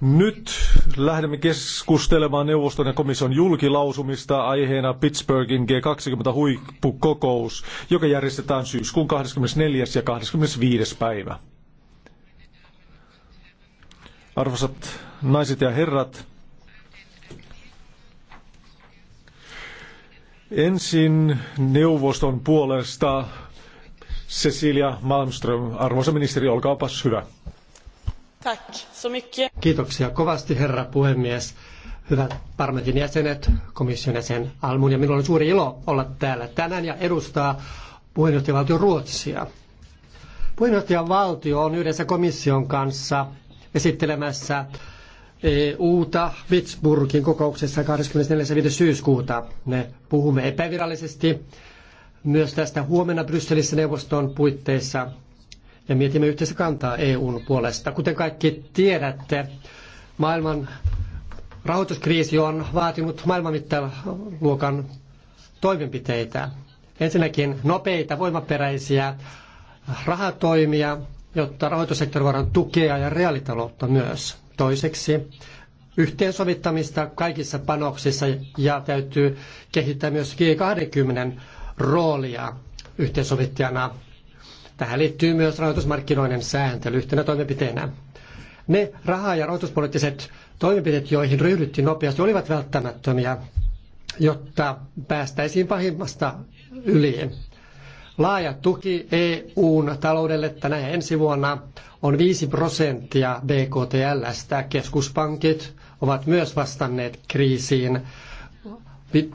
Nyt lähdemme keskustelemaan neuvoston ja komission julkilausumista aiheena Pittsburghin G20-huippukokous, joka järjestetään syyskuun 24. ja 25. päivä. Arvoisat naiset ja herrat, ensin neuvoston puolesta Cecilia Malmström, arvoisa ministeri, olkaapas hyvä. Tack så mycket. Kiitoksia kovasti herra puhemies. Hyvät parlamentin jäsenet, komission jäsen Almun ja minulla on suuri ilo olla täällä tänään ja edustaa puheenjohtajavaltio Ruotsia. Puheenjohtajavaltio on yhdessä komission kanssa esittelemässä EUta Pittsburghin kokouksessa 24. syyskuuta. Me puhumme epävirallisesti myös tästä huomenna Brysselissä neuvoston puitteissa ja mietimme yhteistä kantaa EUn puolesta. Kuten kaikki tiedätte, maailman rahoituskriisi on vaatinut maailman mittaluokan toimenpiteitä. Ensinnäkin nopeita, voimaperäisiä rahatoimia, jotta rahoitussektori voidaan tukea ja reaalitaloutta myös. Toiseksi yhteensovittamista kaikissa panoksissa ja täytyy kehittää myös G20 roolia yhteensovittajana Tähän liittyy myös rahoitusmarkkinoiden sääntely yhtenä toimenpiteenä. Ne raha- ja rahoituspoliittiset toimenpiteet, joihin ryhdyttiin nopeasti, olivat välttämättömiä, jotta päästäisiin pahimmasta yli. Laaja tuki EUn taloudelle tänä ja ensi vuonna on 5 prosenttia BKTLstä. Keskuspankit ovat myös vastanneet kriisiin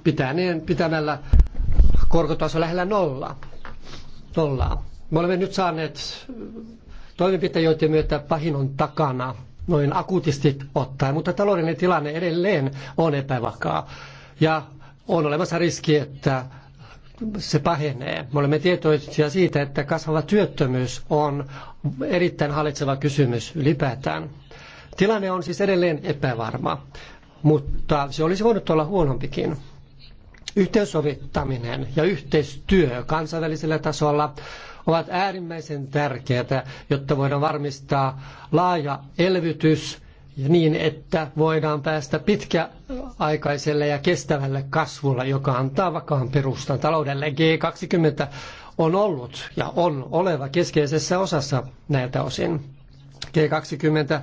pitäneen, pitämällä korkotaso lähellä nolla. nollaa. Me olemme nyt saaneet toimenpiteitä, joiden myötä pahin on takana, noin akuutisti ottaen, mutta taloudellinen tilanne edelleen on epävakaa. Ja on olemassa riski, että se pahenee. Me olemme tietoisia siitä, että kasvava työttömyys on erittäin hallitseva kysymys ylipäätään. Tilanne on siis edelleen epävarma, mutta se olisi voinut olla huonompikin. Yhteensovittaminen ja yhteistyö kansainvälisellä tasolla ovat äärimmäisen tärkeitä, jotta voidaan varmistaa laaja elvytys ja niin, että voidaan päästä pitkäaikaiselle ja kestävälle kasvulle, joka antaa vakaan perustan taloudelle. G20 on ollut ja on oleva keskeisessä osassa näiltä osin. G20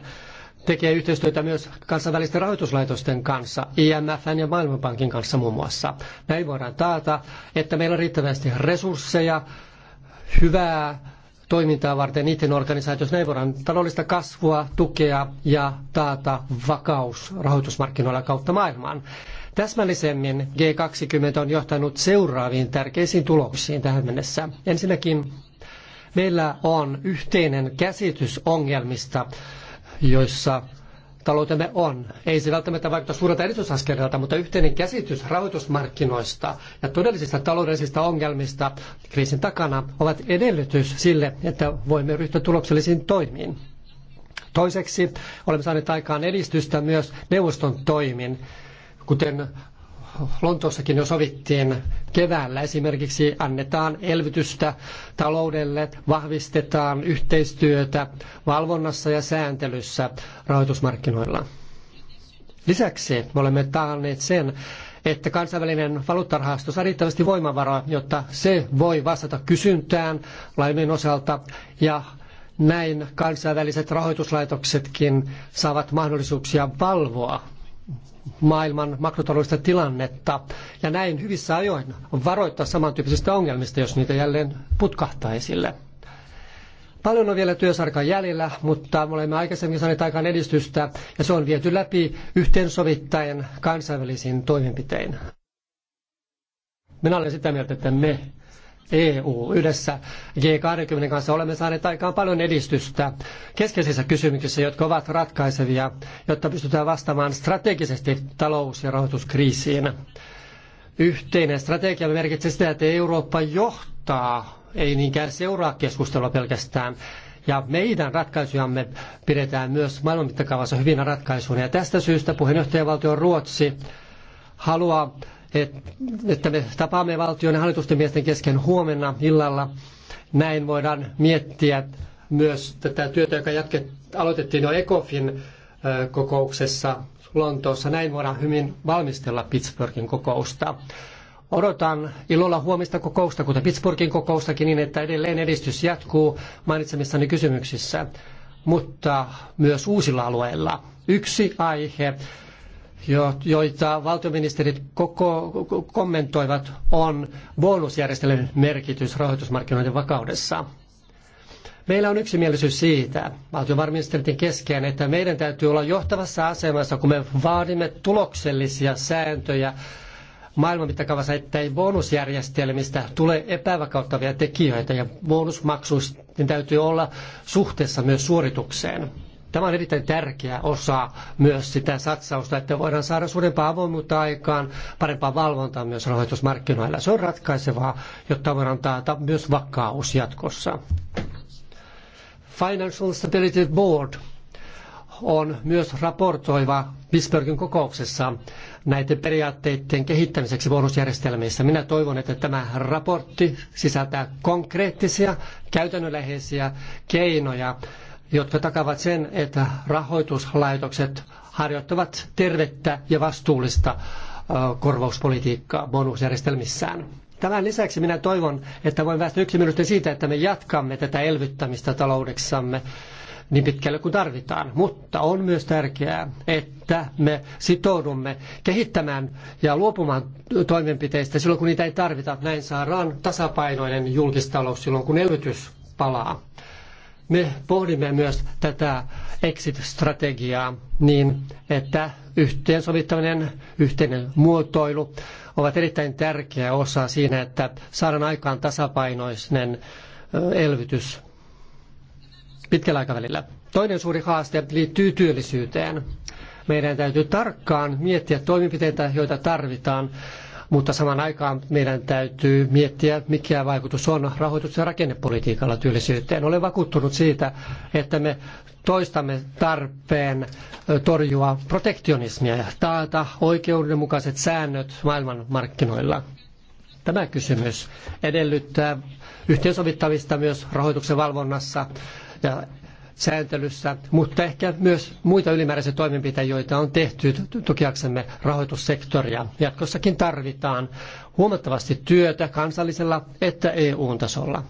tekee yhteistyötä myös kansainvälisten rahoituslaitosten kanssa, IMFn ja Maailmanpankin kanssa muun muassa. Näin voidaan taata, että meillä on riittävästi resursseja hyvää toimintaa varten niiden organisaatioissa. Näin voidaan taloudellista kasvua tukea ja taata vakaus rahoitusmarkkinoilla kautta maailmaan. Täsmällisemmin G20 on johtanut seuraaviin tärkeisiin tuloksiin tähän mennessä. Ensinnäkin meillä on yhteinen käsitys ongelmista, joissa taloutemme on. Ei se välttämättä vaikuta suurelta edistysaskeleelta, mutta yhteinen käsitys rahoitusmarkkinoista ja todellisista taloudellisista ongelmista kriisin takana ovat edellytys sille, että voimme ryhtyä tuloksellisiin toimiin. Toiseksi olemme saaneet aikaan edistystä myös neuvoston toimin, kuten Lontoossakin jo sovittiin keväällä esimerkiksi annetaan elvytystä taloudelle, vahvistetaan yhteistyötä valvonnassa ja sääntelyssä rahoitusmarkkinoilla. Lisäksi me olemme taanneet sen, että kansainvälinen valuuttarahasto saa riittävästi voimavaraa, jotta se voi vastata kysyntään laimin osalta ja näin kansainväliset rahoituslaitoksetkin saavat mahdollisuuksia valvoa maailman makrotaloudellista tilannetta ja näin hyvissä ajoin varoittaa samantyyppisistä ongelmista, jos niitä jälleen putkahtaa esille. Paljon on vielä työsarkaa jäljellä, mutta me olemme aikaisemmin saaneet aikaan edistystä ja se on viety läpi yhteensovittaen kansainvälisiin toimenpitein. Minä olen sitä mieltä, että me EU yhdessä G20 kanssa olemme saaneet aikaan paljon edistystä keskeisissä kysymyksissä, jotka ovat ratkaisevia, jotta pystytään vastaamaan strategisesti talous- ja rahoituskriisiin. Yhteinen strategia merkitsee sitä, että Eurooppa johtaa, ei niinkään seuraa keskustelua pelkästään. Ja meidän ratkaisujamme pidetään myös maailman mittakaavassa hyvinä ratkaisuina. Ja tästä syystä puheenjohtajavaltio Ruotsi haluaa että me tapaamme valtion ja hallitusten miesten kesken huomenna illalla. Näin voidaan miettiä myös tätä työtä, joka jatket, aloitettiin jo ECOFin kokouksessa Lontoossa. Näin voidaan hyvin valmistella Pittsburghin kokousta. Odotan ilolla huomista kokousta, kuten Pittsburghin kokoustakin, niin että edelleen edistys jatkuu mainitsemissani kysymyksissä, mutta myös uusilla alueilla. Yksi aihe, joita valtioministerit koko, kommentoivat, on bonusjärjestelmän merkitys rahoitusmarkkinoiden vakaudessa. Meillä on yksimielisyys siitä, valtiovarainministerin kesken, että meidän täytyy olla johtavassa asemassa, kun me vaadimme tuloksellisia sääntöjä maailman mittakaavassa, ettei bonusjärjestelmistä tule epävakauttavia tekijöitä ja bonusmaksuista täytyy olla suhteessa myös suoritukseen. Tämä on erittäin tärkeä osa myös sitä satsausta, että voidaan saada suurempaa avoimuutta aikaan, parempaa valvontaa myös rahoitusmarkkinoilla. Se on ratkaisevaa, jotta voidaan taata myös vakaus jatkossa. Financial Stability Board on myös raportoiva Pittsburghin kokouksessa näiden periaatteiden kehittämiseksi bonusjärjestelmissä. Minä toivon, että tämä raportti sisältää konkreettisia, käytännönläheisiä keinoja jotka takavat sen, että rahoituslaitokset harjoittavat tervettä ja vastuullista korvauspolitiikkaa bonusjärjestelmissään. Tämän lisäksi minä toivon, että voin päästä yksimielisyyteen siitä, että me jatkamme tätä elvyttämistä taloudessamme niin pitkälle kuin tarvitaan. Mutta on myös tärkeää, että me sitoudumme kehittämään ja luopumaan toimenpiteistä silloin, kun niitä ei tarvita. Näin saadaan tasapainoinen julkistalous silloin, kun elvytys palaa me pohdimme myös tätä exit-strategiaa niin, että yhteensovittaminen, yhteinen muotoilu ovat erittäin tärkeä osa siinä, että saadaan aikaan tasapainoinen elvytys pitkällä aikavälillä. Toinen suuri haaste liittyy työllisyyteen. Meidän täytyy tarkkaan miettiä toimenpiteitä, joita tarvitaan mutta saman aikaan meidän täytyy miettiä, mikä vaikutus on rahoitus- ja rakennepolitiikalla työllisyyteen. Olen vakuuttunut siitä, että me toistamme tarpeen torjua protektionismia ja taata oikeudenmukaiset säännöt maailmanmarkkinoilla. Tämä kysymys edellyttää yhteensovittamista myös rahoituksen valvonnassa ja sääntelyssä, mutta ehkä myös muita ylimääräisiä toimenpiteitä, joita on tehty tukiaksemme rahoitussektoria. Jatkossakin tarvitaan huomattavasti työtä kansallisella että EU-tasolla.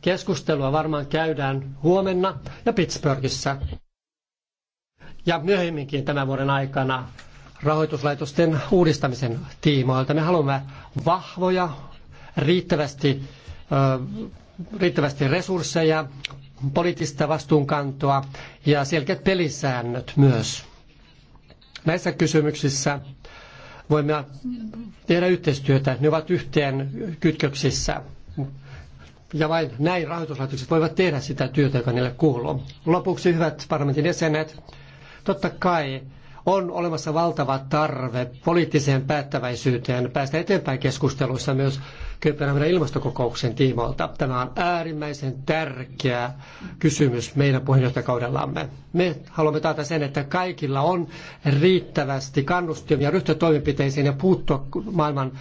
Keskustelua varmaan käydään huomenna ja Pittsburghissa. Ja myöhemminkin tämän vuoden aikana rahoituslaitosten uudistamisen tiimoilta. Me haluamme vahvoja, riittävästi, riittävästi resursseja, poliittista vastuunkantoa ja selkeät pelisäännöt myös. Näissä kysymyksissä voimme tehdä yhteistyötä. Ne ovat yhteen kytköksissä. Ja vain näin rahoituslaitokset voivat tehdä sitä työtä, joka niille kuuluu. Lopuksi, hyvät parlamentin jäsenet, totta kai on olemassa valtava tarve poliittiseen päättäväisyyteen päästä eteenpäin keskusteluissa myös Kööpenhaminan ilmastokokouksen tiimoilta. Tämä on äärimmäisen tärkeä kysymys meidän puheenjohtajakaudellamme. Me haluamme taata sen, että kaikilla on riittävästi kannustimia ryhtyä toimenpiteisiin ja puuttua maailman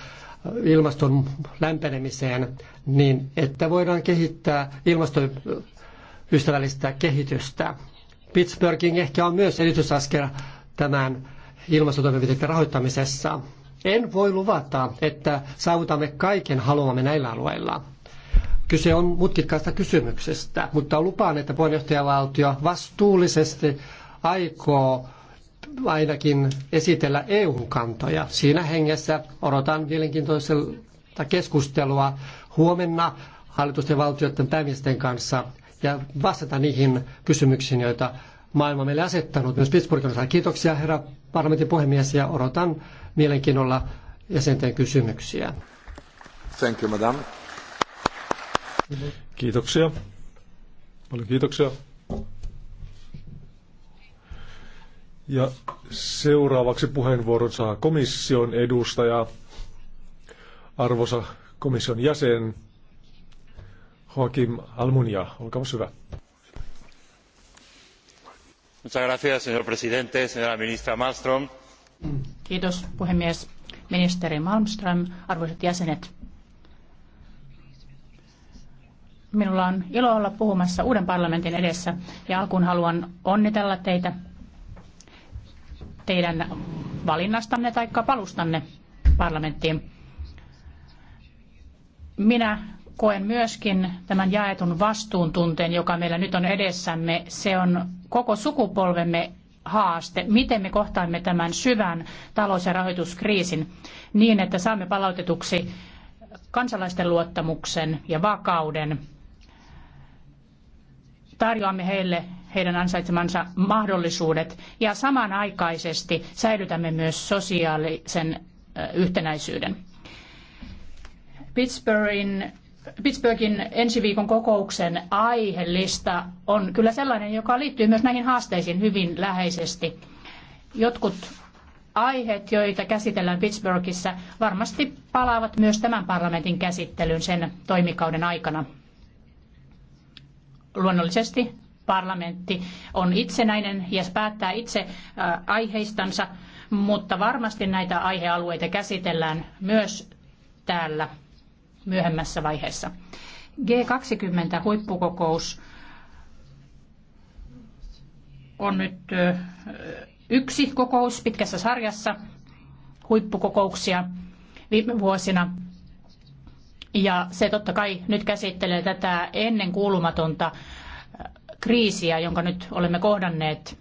ilmaston lämpenemiseen niin, että voidaan kehittää ilmastoystävällistä kehitystä. Pittsburghin ehkä on myös edistysaskel tämän ilmastotoimenpiteiden rahoittamisessa. En voi luvata, että saavutamme kaiken haluamme näillä alueilla. Kyse on mutkikkaasta kysymyksestä, mutta lupaan, että puheenjohtajavaltio vastuullisesti aikoo ainakin esitellä EU-kantoja. Siinä hengessä odotan mielenkiintoista keskustelua huomenna hallitusten ja valtioiden päämiesten kanssa ja vastata niihin kysymyksiin, joita maailma meille asettanut myös Pittsburghin osalta. Kiitoksia herra parlamentin puhemies ja odotan mielenkiinnolla jäsenten kysymyksiä. Thank you, madam. Kiitoksia. Paljon kiitoksia. Ja seuraavaksi puheenvuoron saa komission edustaja, arvosa komission jäsen Joakim Almunia. Olkaa hyvä señor presidente señora ministra malmström Kiitos puhemies. Ministeri Malmström, arvoisat jäsenet. Minulla on ilo olla puhumassa uuden parlamentin edessä ja alkuun haluan onnitella teitä teidän valinnastanne tai palustanne parlamenttiin. Minä koen myöskin tämän jaetun vastuuntunteen, joka meillä nyt on edessämme. Se on koko sukupolvemme haaste, miten me kohtaamme tämän syvän talous- ja rahoituskriisin niin, että saamme palautetuksi kansalaisten luottamuksen ja vakauden. Tarjoamme heille heidän ansaitsemansa mahdollisuudet ja samanaikaisesti säilytämme myös sosiaalisen yhtenäisyyden. Pittsburghin Pittsburghin ensi viikon kokouksen aihelista on kyllä sellainen, joka liittyy myös näihin haasteisiin hyvin läheisesti. Jotkut aiheet, joita käsitellään Pittsburghissa, varmasti palaavat myös tämän parlamentin käsittelyyn sen toimikauden aikana. Luonnollisesti parlamentti on itsenäinen ja päättää itse äh, aiheistansa, mutta varmasti näitä aihealueita käsitellään myös täällä myöhemmässä vaiheessa. G20-huippukokous on nyt yksi kokous pitkässä sarjassa huippukokouksia viime vuosina. Ja se totta kai nyt käsittelee tätä ennen kuulumatonta kriisiä, jonka nyt olemme kohdanneet.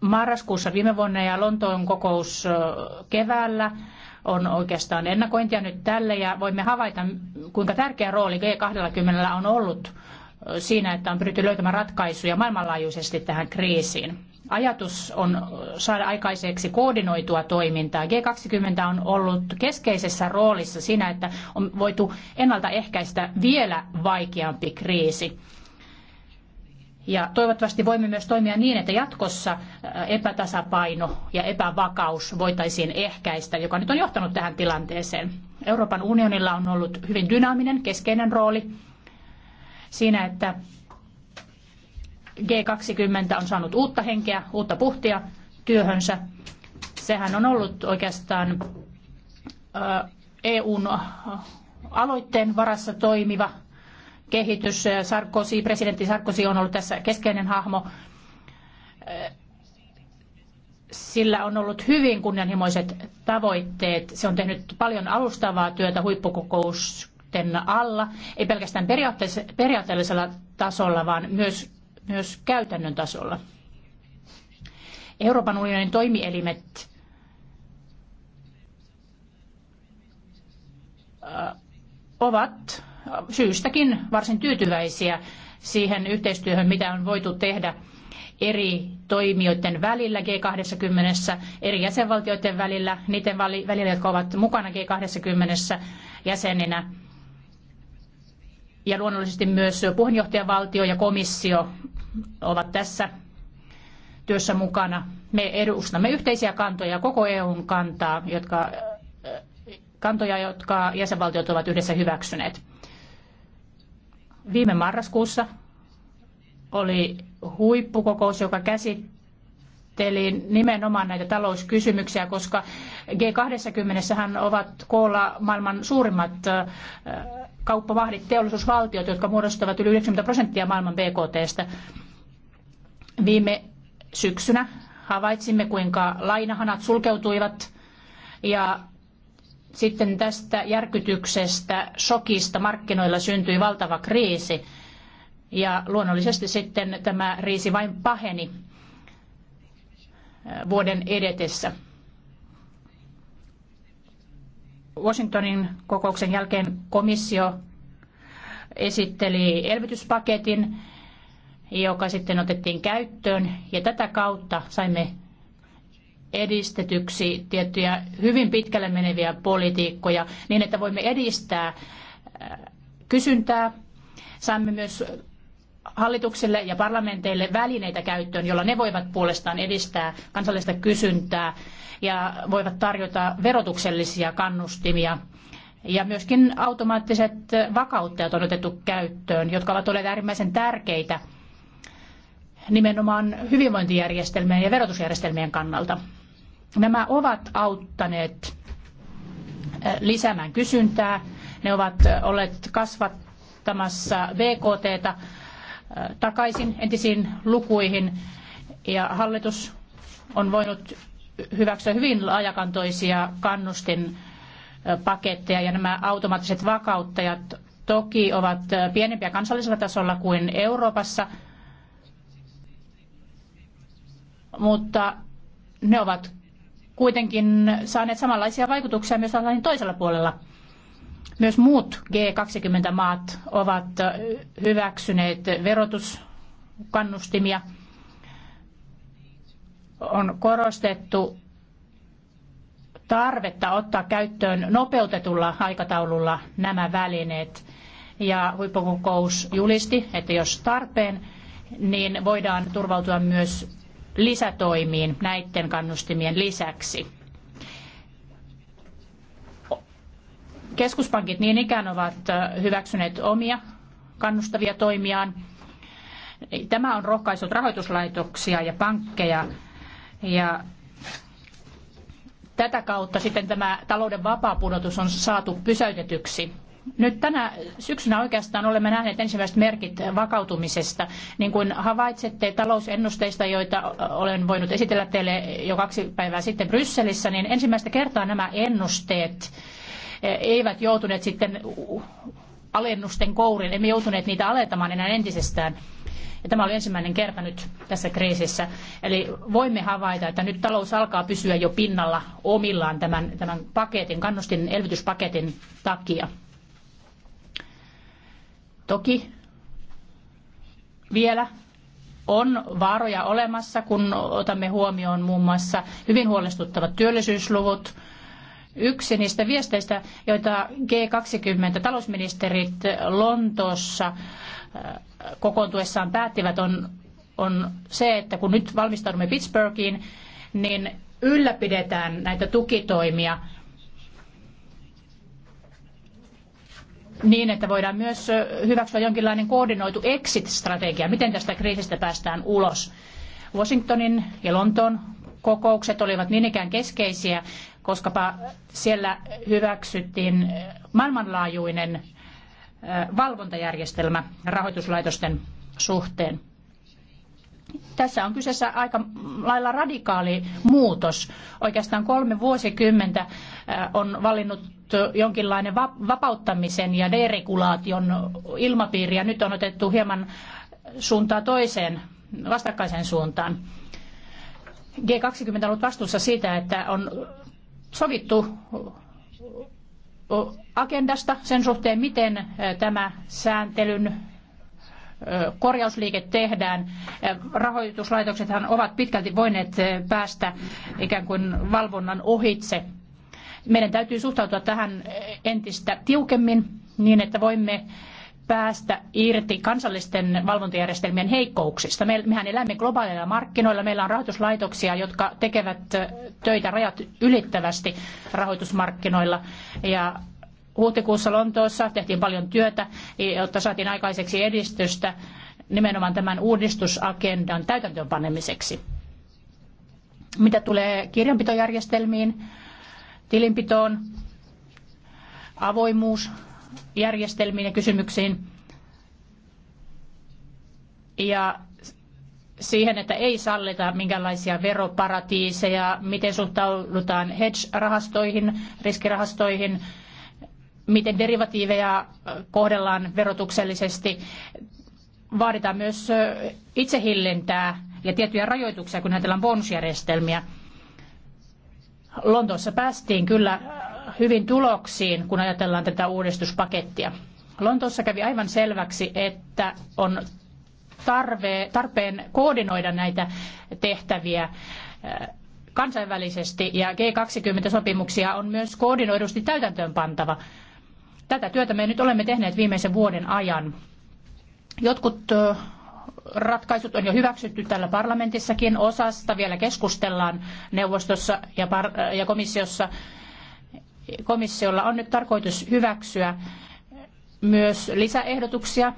Marraskuussa viime vuonna ja Lontoon kokous keväällä on oikeastaan ennakointia nyt tälle ja voimme havaita, kuinka tärkeä rooli G20 on ollut siinä, että on pyritty löytämään ratkaisuja maailmanlaajuisesti tähän kriisiin. Ajatus on saada aikaiseksi koordinoitua toimintaa. G20 on ollut keskeisessä roolissa siinä, että on voitu ennaltaehkäistä vielä vaikeampi kriisi. Ja toivottavasti voimme myös toimia niin, että jatkossa äh, epätasapaino ja epävakaus voitaisiin ehkäistä, joka nyt on johtanut tähän tilanteeseen. Euroopan unionilla on ollut hyvin dynaaminen, keskeinen rooli siinä, että G20 on saanut uutta henkeä, uutta puhtia työhönsä. Sehän on ollut oikeastaan äh, EUn aloitteen varassa toimiva kehitys. Sarkozy, presidentti Sarkozy on ollut tässä keskeinen hahmo. Sillä on ollut hyvin kunnianhimoiset tavoitteet. Se on tehnyt paljon alustavaa työtä huippukokousten alla, ei pelkästään periaatteellisella tasolla, vaan myös, myös käytännön tasolla. Euroopan unionin toimielimet äh, ovat syystäkin varsin tyytyväisiä siihen yhteistyöhön, mitä on voitu tehdä eri toimijoiden välillä G20, eri jäsenvaltioiden välillä, niiden välillä, jotka ovat mukana G20 jäseninä. Ja luonnollisesti myös puheenjohtajavaltio ja komissio ovat tässä työssä mukana. Me edustamme yhteisiä kantoja, koko EUn kantaa, jotka, kantoja, jotka jäsenvaltiot ovat yhdessä hyväksyneet. Viime marraskuussa oli huippukokous, joka käsitteli nimenomaan näitä talouskysymyksiä, koska G20 hän ovat koolla maailman suurimmat kauppavahdit, teollisuusvaltiot, jotka muodostavat yli 90 prosenttia maailman BKTstä. Viime syksynä havaitsimme, kuinka lainahanat sulkeutuivat ja sitten tästä järkytyksestä, shokista markkinoilla syntyi valtava kriisi ja luonnollisesti sitten tämä kriisi vain paheni äh, vuoden edetessä. Washingtonin kokouksen jälkeen komissio esitteli elvytyspaketin, joka sitten otettiin käyttöön ja tätä kautta saimme edistetyksi tiettyjä hyvin pitkälle meneviä politiikkoja niin, että voimme edistää äh, kysyntää. Saamme myös hallitukselle ja parlamenteille välineitä käyttöön, jolla ne voivat puolestaan edistää kansallista kysyntää ja voivat tarjota verotuksellisia kannustimia. Ja myöskin automaattiset vakauttajat on otettu käyttöön, jotka ovat olleet äärimmäisen tärkeitä nimenomaan hyvinvointijärjestelmien ja verotusjärjestelmien kannalta. Nämä ovat auttaneet eh, lisäämään kysyntää, ne ovat eh, olleet kasvattamassa BKTtä eh, takaisin entisiin lukuihin ja hallitus on voinut hyväksyä hyvin laajakantoisia kannustinpaketteja ja nämä automaattiset vakauttajat toki ovat pienempiä kansallisella tasolla kuin Euroopassa, mutta ne ovat kuitenkin saaneet samanlaisia vaikutuksia myös Atlantin toisella puolella. Myös muut G20-maat ovat hyväksyneet verotuskannustimia. On korostettu tarvetta ottaa käyttöön nopeutetulla aikataululla nämä välineet. Ja huippukokous julisti, että jos tarpeen, niin voidaan turvautua myös lisätoimiin näiden kannustimien lisäksi. Keskuspankit niin ikään ovat hyväksyneet omia kannustavia toimiaan. Tämä on rohkaissut rahoituslaitoksia ja pankkeja ja tätä kautta sitten tämä talouden vapaa pudotus on saatu pysäytetyksi. Nyt tänä syksynä oikeastaan olemme nähneet ensimmäiset merkit vakautumisesta. Niin kuin havaitsette talousennusteista, joita olen voinut esitellä teille jo kaksi päivää sitten Brysselissä, niin ensimmäistä kertaa nämä ennusteet eh, eivät joutuneet sitten alennusten kouriin, emme joutuneet niitä alentamaan enää entisestään. Ja tämä oli ensimmäinen kerta nyt tässä kriisissä. Eli voimme havaita, että nyt talous alkaa pysyä jo pinnalla omillaan tämän, tämän paketin, kannustin elvytyspaketin takia. Toki vielä on vaaroja olemassa, kun otamme huomioon muun muassa hyvin huolestuttavat työllisyysluvut. Yksi niistä viesteistä, joita G20 talousministerit Lontoossa äh, kokoontuessaan päättivät, on, on se, että kun nyt valmistaudumme Pittsburghiin, niin ylläpidetään näitä tukitoimia – niin, että voidaan myös hyväksyä jonkinlainen koordinoitu exit-strategia, miten tästä kriisistä päästään ulos. Washingtonin ja Lontoon kokoukset olivat niin ikään keskeisiä, koska siellä hyväksyttiin maailmanlaajuinen valvontajärjestelmä rahoituslaitosten suhteen. Tässä on kyseessä aika lailla radikaali muutos. Oikeastaan kolme vuosikymmentä on valinnut jonkinlainen vapauttamisen ja deregulaation ilmapiiri ja nyt on otettu hieman suuntaa toiseen vastakkaiseen suuntaan. G20 on ollut vastuussa siitä, että on sovittu agendasta sen suhteen, miten tämä sääntelyn korjausliike tehdään. Rahoituslaitoksethan ovat pitkälti voineet päästä ikään kuin valvonnan ohitse meidän täytyy suhtautua tähän entistä tiukemmin niin, että voimme päästä irti kansallisten valvontajärjestelmien heikkouksista. Mehän elämme globaaleilla markkinoilla, meillä on rahoituslaitoksia, jotka tekevät töitä rajat ylittävästi rahoitusmarkkinoilla ja huhtikuussa Lontoossa tehtiin paljon työtä, jotta saatiin aikaiseksi edistystä nimenomaan tämän uudistusagendan täytäntöönpanemiseksi. Mitä tulee kirjanpitojärjestelmiin, tilinpitoon, järjestelmiin ja kysymyksiin ja siihen, että ei sallita minkälaisia veroparatiiseja, miten suhtaudutaan hedge-rahastoihin, riskirahastoihin, miten derivatiiveja kohdellaan verotuksellisesti. Vaaditaan myös itsehillintää ja tiettyjä rajoituksia, kun ajatellaan bonusjärjestelmiä. Lontoossa päästiin kyllä äh, hyvin tuloksiin, kun ajatellaan tätä uudistuspakettia. Lontoossa kävi aivan selväksi, että on tarve, tarpeen koordinoida näitä tehtäviä äh, kansainvälisesti ja G20-sopimuksia on myös koordinoidusti täytäntöönpantava. Tätä työtä me nyt olemme tehneet viimeisen vuoden ajan. Jotkut äh, ratkaisut on jo hyväksytty täällä parlamentissakin osasta. Vielä keskustellaan neuvostossa ja, ja komissiossa. Komissiolla on nyt tarkoitus hyväksyä myös lisäehdotuksia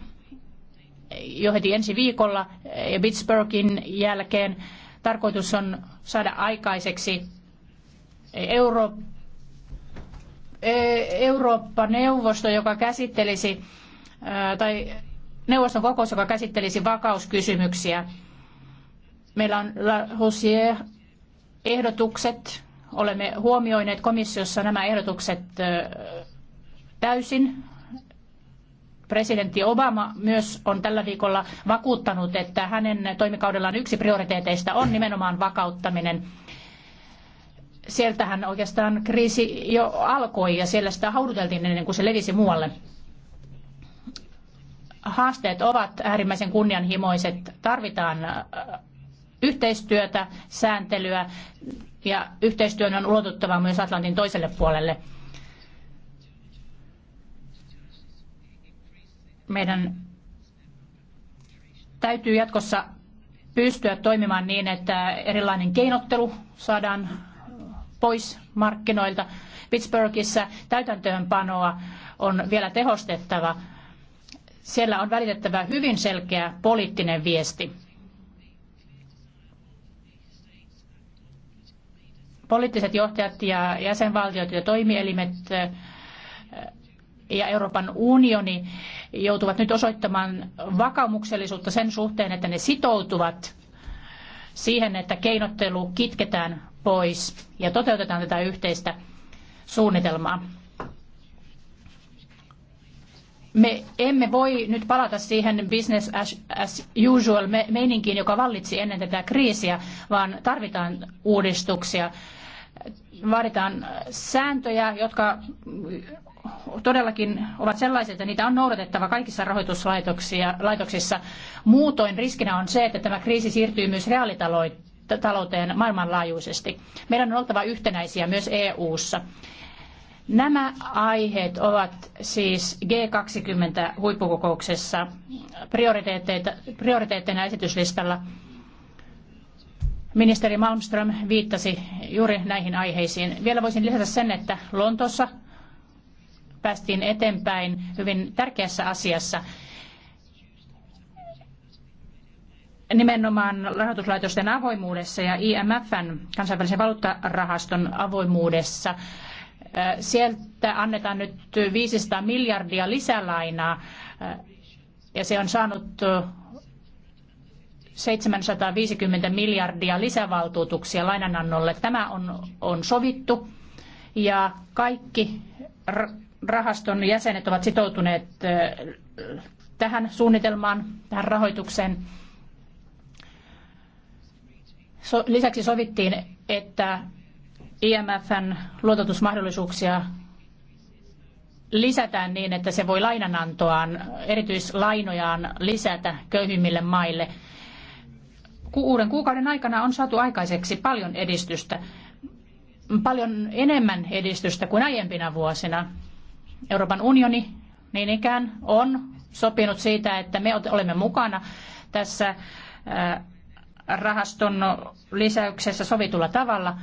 jo heti ensi viikolla ja Pittsburghin jälkeen. Tarkoitus on saada aikaiseksi Euro, e- Eurooppa-neuvosto, joka käsittelisi tai neuvoston kokous, joka käsittelisi vakauskysymyksiä. Meillä on La ehdotukset. Olemme huomioineet komissiossa nämä ehdotukset täysin. Presidentti Obama myös on tällä viikolla vakuuttanut, että hänen toimikaudellaan yksi prioriteeteista on nimenomaan vakauttaminen sieltähän oikeastaan kriisi jo alkoi ja siellä sitä hauduteltiin ennen kuin se levisi muualle haasteet ovat äärimmäisen kunnianhimoiset. Tarvitaan äh, yhteistyötä, sääntelyä ja yhteistyön on ulotuttava myös Atlantin toiselle puolelle. Meidän täytyy jatkossa pystyä toimimaan niin, että erilainen keinottelu saadaan pois markkinoilta. Pittsburghissa täytäntöönpanoa on vielä tehostettava siellä on välitettävä hyvin selkeä poliittinen viesti. Poliittiset johtajat ja jäsenvaltiot ja toimielimet eh, ja Euroopan unioni joutuvat nyt osoittamaan vakaumuksellisuutta sen suhteen, että ne sitoutuvat siihen, että keinottelu kitketään pois ja toteutetaan tätä yhteistä suunnitelmaa me emme voi nyt palata siihen business as, usual meininkiin, joka vallitsi ennen tätä kriisiä, vaan tarvitaan uudistuksia. Vaaditaan sääntöjä, jotka todellakin ovat sellaiset, että niitä on noudatettava kaikissa rahoituslaitoksissa. Muutoin riskinä on se, että tämä kriisi siirtyy myös reaalitalouteen maailmanlaajuisesti. Meidän on oltava yhtenäisiä myös EU-ssa. Nämä aiheet ovat siis G20-huippukokouksessa prioriteetteina esityslistalla. Ministeri Malmström viittasi juuri näihin aiheisiin. Vielä voisin lisätä sen, että Lontoossa päästiin eteenpäin hyvin tärkeässä asiassa. nimenomaan rahoituslaitosten avoimuudessa ja IMFn kansainvälisen valuuttarahaston avoimuudessa Sieltä annetaan nyt 500 miljardia lisälainaa ja se on saanut 750 miljardia lisävaltuutuksia lainanannolle. Tämä on, on sovittu ja kaikki rahaston jäsenet ovat sitoutuneet tähän suunnitelmaan, tähän rahoitukseen. Lisäksi sovittiin, että IMFn luototusmahdollisuuksia lisätään niin, että se voi lainanantoaan, erityislainojaan lisätä köyhimmille maille. Kuuden kuukauden aikana on saatu aikaiseksi paljon edistystä, paljon enemmän edistystä kuin aiempina vuosina. Euroopan unioni niin ikään on sopinut siitä, että me olemme mukana tässä rahaston lisäyksessä sovitulla tavalla –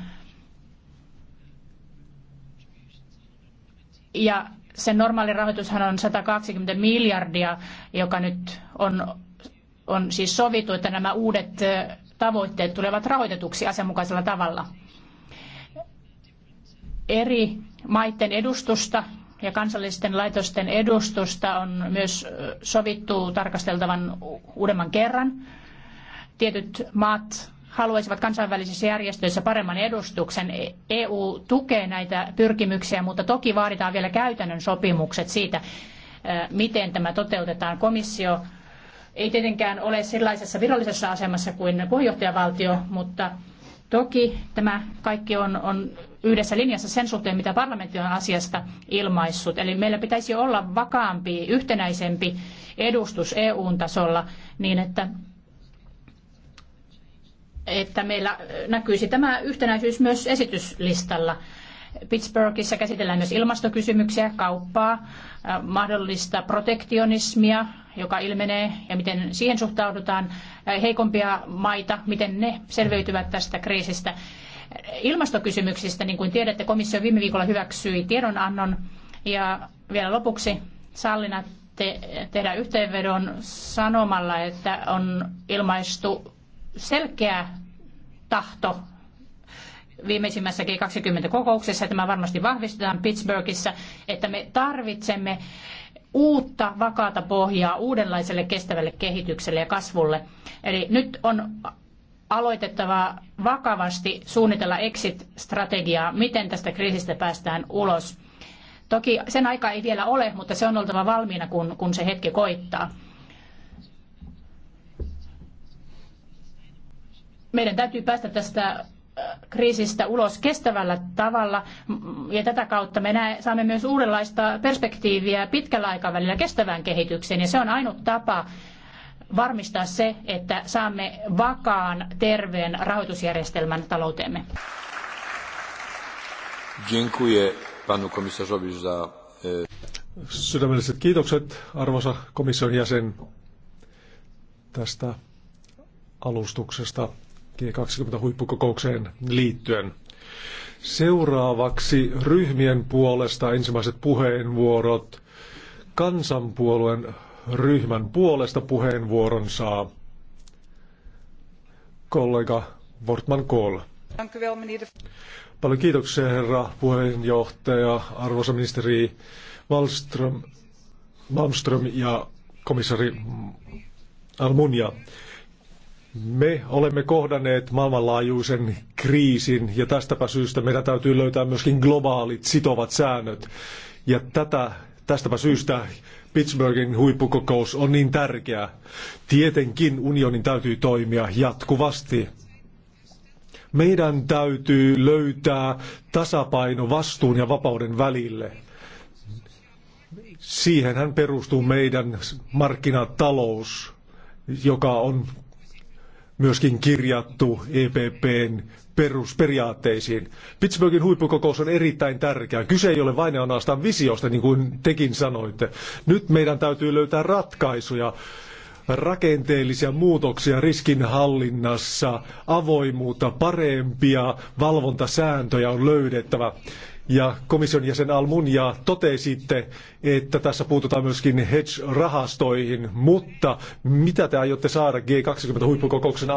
Ja se normaali rahoitushan on 120 miljardia, joka nyt on, on siis sovittu, että nämä uudet tavoitteet tulevat rahoitetuksi asianmukaisella tavalla. Eri maiden edustusta ja kansallisten laitosten edustusta on myös sovittu tarkasteltavan uudemman kerran. Tietyt maat haluaisivat kansainvälisissä järjestöissä paremman edustuksen. EU e tukee näitä pyrkimyksiä, mutta toki vaaditaan vielä käytännön sopimukset siitä, miten tämä toteutetaan. Komissio ei tietenkään ole sellaisessa virallisessa asemassa kuin puheenjohtajavaltio, mutta toki tämä kaikki on, on yhdessä linjassa sen suhteen, mitä parlamentti on asiasta ilmaissut. Eli meillä pitäisi olla vakaampi, yhtenäisempi edustus eu tasolla niin, että että meillä näkyisi tämä yhtenäisyys myös esityslistalla. Pittsburghissa käsitellään myös ilmastokysymyksiä, kauppaa, äh, mahdollista protektionismia, joka ilmenee ja miten siihen suhtaudutaan, äh, heikompia maita, miten ne selviytyvät tästä kriisistä. Ilmastokysymyksistä, niin kuin tiedätte, komissio viime viikolla hyväksyi tiedonannon ja vielä lopuksi sallinatte tehdä yhteenvedon sanomalla, että on ilmaistu selkeä tahto viimeisimmässä G20-kokouksessa, tämä varmasti vahvistetaan Pittsburghissa, että me tarvitsemme uutta vakaata pohjaa uudenlaiselle kestävälle kehitykselle ja kasvulle. Eli nyt on aloitettava vakavasti suunnitella exit-strategiaa, miten tästä kriisistä päästään ulos. Toki sen aika ei vielä ole, mutta se on oltava valmiina, kun, kun se hetki koittaa. Meidän täytyy päästä tästä äh, kriisistä ulos kestävällä tavalla ja tätä kautta me näe, saamme myös uudenlaista perspektiiviä pitkällä aikavälillä kestävään kehitykseen ja se on ainut tapa varmistaa se, että saamme vakaan, terveen rahoitusjärjestelmän talouteemme. Dziękuję panu komisarzowi za... E, Sydämelliset kiitokset, arvoisa komission jäsen, tästä alustuksesta. G20-huippukokoukseen liittyen. Seuraavaksi ryhmien puolesta ensimmäiset puheenvuorot. Kansanpuolueen ryhmän puolesta puheenvuoron saa kollega Wortman Kohl. Paljon kiitoksia herra puheenjohtaja, arvoisa ministeri Malmström, Malmström ja komissari Almunia. Me olemme kohdanneet maailmanlaajuisen kriisin ja tästäpä syystä meidän täytyy löytää myöskin globaalit sitovat säännöt. Ja tätä, tästäpä syystä Pittsburghin huippukokous on niin tärkeä. Tietenkin unionin täytyy toimia jatkuvasti. Meidän täytyy löytää tasapaino vastuun ja vapauden välille. Siihenhän perustuu meidän markkinatalous, joka on myöskin kirjattu EPPn perusperiaatteisiin. Pittsburghin huippukokous on erittäin tärkeä. Kyse ei ole vain ja ainoastaan visiosta, niin kuin tekin sanoitte. Nyt meidän täytyy löytää ratkaisuja, rakenteellisia muutoksia riskinhallinnassa, avoimuutta, parempia valvontasääntöjä on löydettävä ja komission jäsen Almunia totesitte, että tässä puututaan myöskin hedge-rahastoihin, mutta mitä te aiotte saada G20-huippukokouksen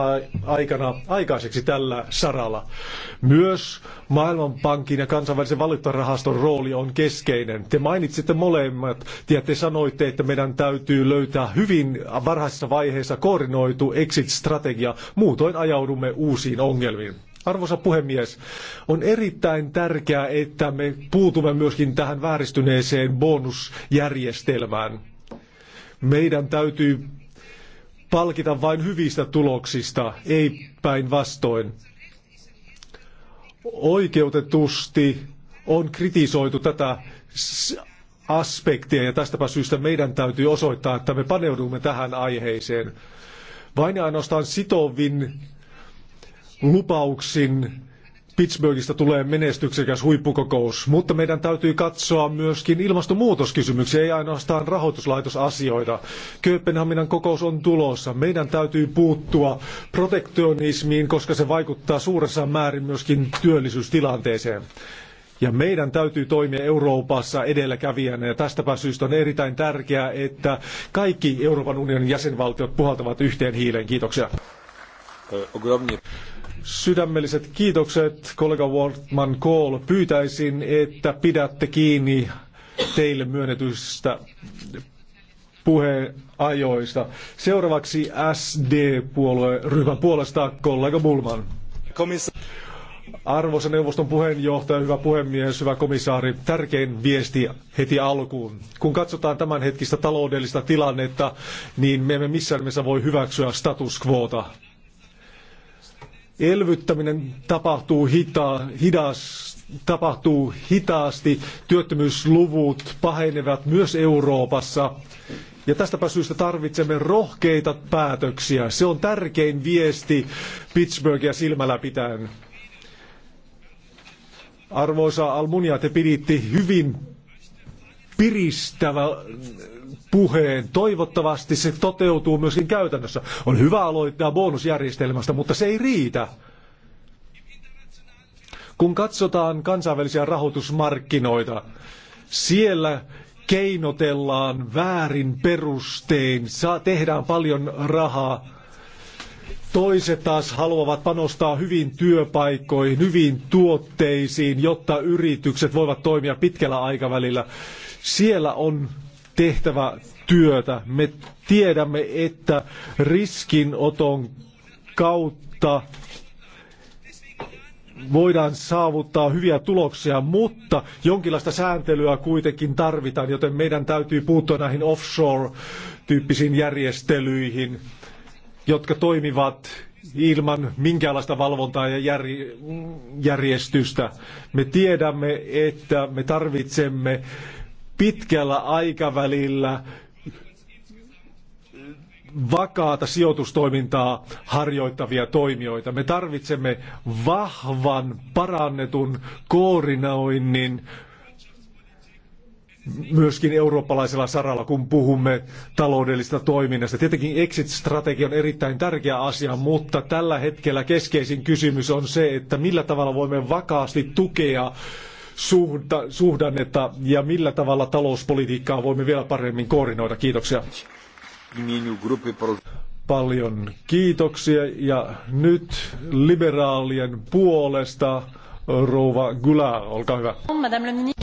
aikana aikaiseksi tällä saralla? Myös Maailmanpankin ja kansainvälisen valuuttarahaston rooli on keskeinen. Te mainitsitte molemmat ja te sanoitte, että meidän täytyy löytää hyvin varhaisessa vaiheessa koordinoitu exit-strategia, muutoin ajaudumme uusiin ongelmiin. Arvoisa puhemies, on erittäin tärkeää, että me puutumme myöskin tähän vääristyneeseen bonusjärjestelmään. Meidän täytyy palkita vain hyvistä tuloksista, ei päinvastoin. Oikeutetusti on kritisoitu tätä aspektia ja tästäpä syystä meidän täytyy osoittaa, että me paneudumme tähän aiheeseen. Vain ja ainoastaan sitovin lupauksin Pittsburghista tulee menestyksekäs huippukokous, mutta meidän täytyy katsoa myöskin ilmastonmuutoskysymyksiä, ei ainoastaan rahoituslaitosasioita. Kööpenhaminan kokous on tulossa. Meidän täytyy puuttua protektionismiin, koska se vaikuttaa suuressa määrin myöskin työllisyystilanteeseen. Ja meidän täytyy toimia Euroopassa edelläkävijänä ja tästäpä syystä on erittäin tärkeää, että kaikki Euroopan unionin jäsenvaltiot puhaltavat yhteen hiileen. Kiitoksia. Sydämelliset kiitokset, kollega Wortman Kool. Pyytäisin, että pidätte kiinni teille myönnetyistä puheajoista. Seuraavaksi SD-puolue ryhmän puolesta kollega Bulman. Arvoisa neuvoston puheenjohtaja, hyvä puhemies, hyvä komissaari, tärkein viesti heti alkuun. Kun katsotaan tämänhetkistä taloudellista tilannetta, niin me emme missään nimessä voi hyväksyä status quota. Elvyttäminen tapahtuu, hita, hidas, tapahtuu hitaasti, työttömyysluvut pahenevat myös Euroopassa. Ja tästäpä syystä tarvitsemme rohkeita päätöksiä. Se on tärkein viesti Pittsburghia silmällä pitäen. Arvoisa Almunia, te piditte hyvin piristävä puheen. Toivottavasti se toteutuu myöskin käytännössä. On hyvä aloittaa bonusjärjestelmästä, mutta se ei riitä. Kun katsotaan kansainvälisiä rahoitusmarkkinoita, siellä keinotellaan väärin perustein, saa, tehdään paljon rahaa. Toiset taas haluavat panostaa hyvin työpaikkoihin, hyviin tuotteisiin, jotta yritykset voivat toimia pitkällä aikavälillä. Siellä on tehtävä työtä. Me tiedämme, että riskinoton kautta voidaan saavuttaa hyviä tuloksia, mutta jonkinlaista sääntelyä kuitenkin tarvitaan, joten meidän täytyy puuttua näihin offshore-tyyppisiin järjestelyihin, jotka toimivat ilman minkäänlaista valvontaa ja järjestystä. Me tiedämme, että me tarvitsemme pitkällä aikavälillä vakaata sijoitustoimintaa harjoittavia toimijoita. Me tarvitsemme vahvan, parannetun koordinoinnin myöskin eurooppalaisella saralla, kun puhumme taloudellista toiminnasta. Tietenkin exit-strategia on erittäin tärkeä asia, mutta tällä hetkellä keskeisin kysymys on se, että millä tavalla voimme vakaasti tukea suhda, suhdannetta ja millä tavalla talouspolitiikkaa voimme vielä paremmin koordinoida. Kiitoksia. Paljon kiitoksia ja nyt liberaalien puolesta rouva Gula, olkaa hyvä.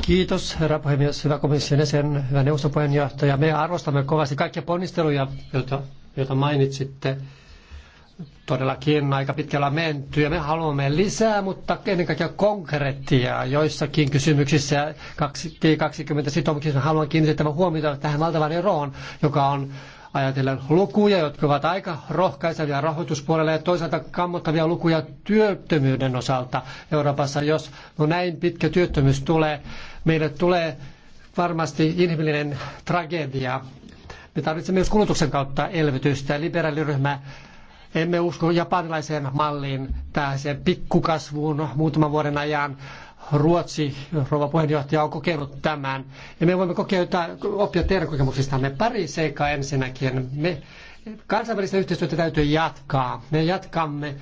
Kiitos herra puhemies, hyvä komission jäsen, hyvä neuvoston puheenjohtaja. Me arvostamme kovasti kaikkia ponnisteluja, joita, joita mainitsitte todellakin aika pitkällä menty ja me haluamme lisää, mutta ennen kaikkea konkreettia joissakin kysymyksissä 2020 sitoumuksissa haluan kiinnittää huomiota tähän valtavaan eroon, joka on ajatellen lukuja, jotka ovat aika rohkaisevia rahoituspuolella ja toisaalta kammottavia lukuja työttömyyden osalta Euroopassa. Jos no näin pitkä työttömyys tulee, meille tulee varmasti inhimillinen tragedia. Me tarvitsemme myös kulutuksen kautta elvytystä. Liberaaliryhmä emme usko japanilaiseen malliin, tähän pikkukasvuun muutaman vuoden ajan. Ruotsi, rouva puheenjohtaja, on kokenut tämän. Ja me voimme kokea oppia teidän kokemuksistanne. Pari seikkaa ensinnäkin. Me, kansainvälistä yhteistyötä täytyy jatkaa. Me jatkamme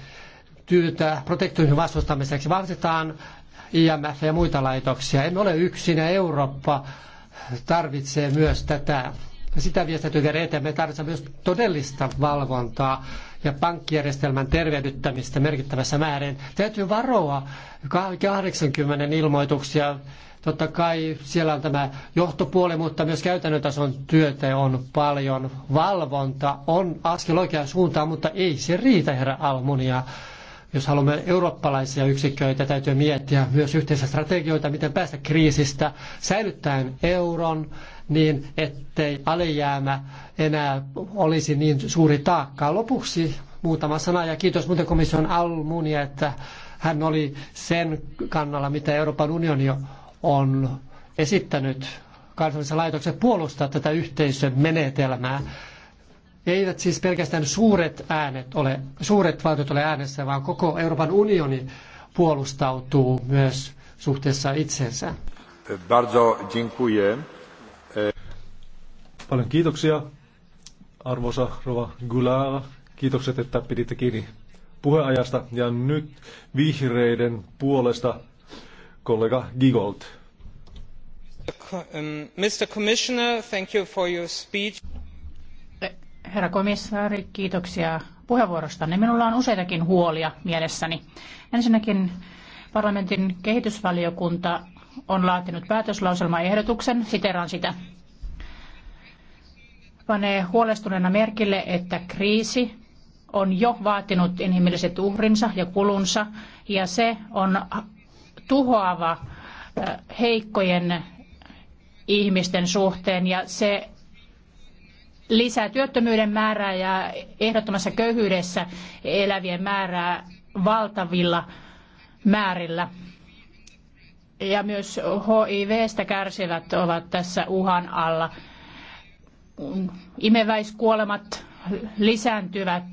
työtä protektionismin vastustamiseksi. Vahvistetaan IMF ja muita laitoksia. Emme ole yksin ja Eurooppa tarvitsee myös tätä. Sitä viestiä viedä eteenpäin. Me tarvitsemme myös todellista valvontaa ja pankkijärjestelmän tervehdyttämistä merkittävässä määrin. Täytyy varoa 80 ilmoituksia. Totta kai siellä on tämä johtopuoli, mutta myös käytännön tason työtä on paljon. Valvonta on askel oikeaan suuntaan, mutta ei se riitä, herra Almunia. Jos haluamme eurooppalaisia yksiköitä, täytyy miettiä myös yhteisiä strategioita, miten päästä kriisistä, säilyttäen euron niin ettei alijäämä enää olisi niin suuri taakka. Lopuksi muutama sana ja kiitos muuten komission Almunia, että hän oli sen kannalla, mitä Euroopan unioni on esittänyt kansallisen laitoksen puolustaa tätä yhteisön menetelmää. Eivät siis pelkästään suuret äänet ole, suuret valtiot ole äänessä, vaan koko Euroopan unioni puolustautuu myös suhteessa itseensä. Bardzo dziękuję. Paljon kiitoksia, arvoisa Rova Gulaa. Kiitokset, että piditte kiinni puheajasta. Ja nyt vihreiden puolesta kollega Gigold. Mr. Commissioner, thank you for your speech. Eh, herra komissaari, kiitoksia puheenvuorostanne. Minulla on useitakin huolia mielessäni. Ensinnäkin parlamentin kehitysvaliokunta on laatinut päätöslauselmaehdotuksen, siteraan sitä panee huolestuneena merkille, että kriisi on jo vaatinut inhimilliset uhrinsa ja kulunsa, ja se on tuhoava äh, heikkojen ihmisten suhteen, ja se lisää työttömyyden määrää ja ehdottomassa köyhyydessä elävien määrää valtavilla määrillä. Ja myös HIVstä kärsivät ovat tässä uhan alla imeväiskuolemat lisääntyvät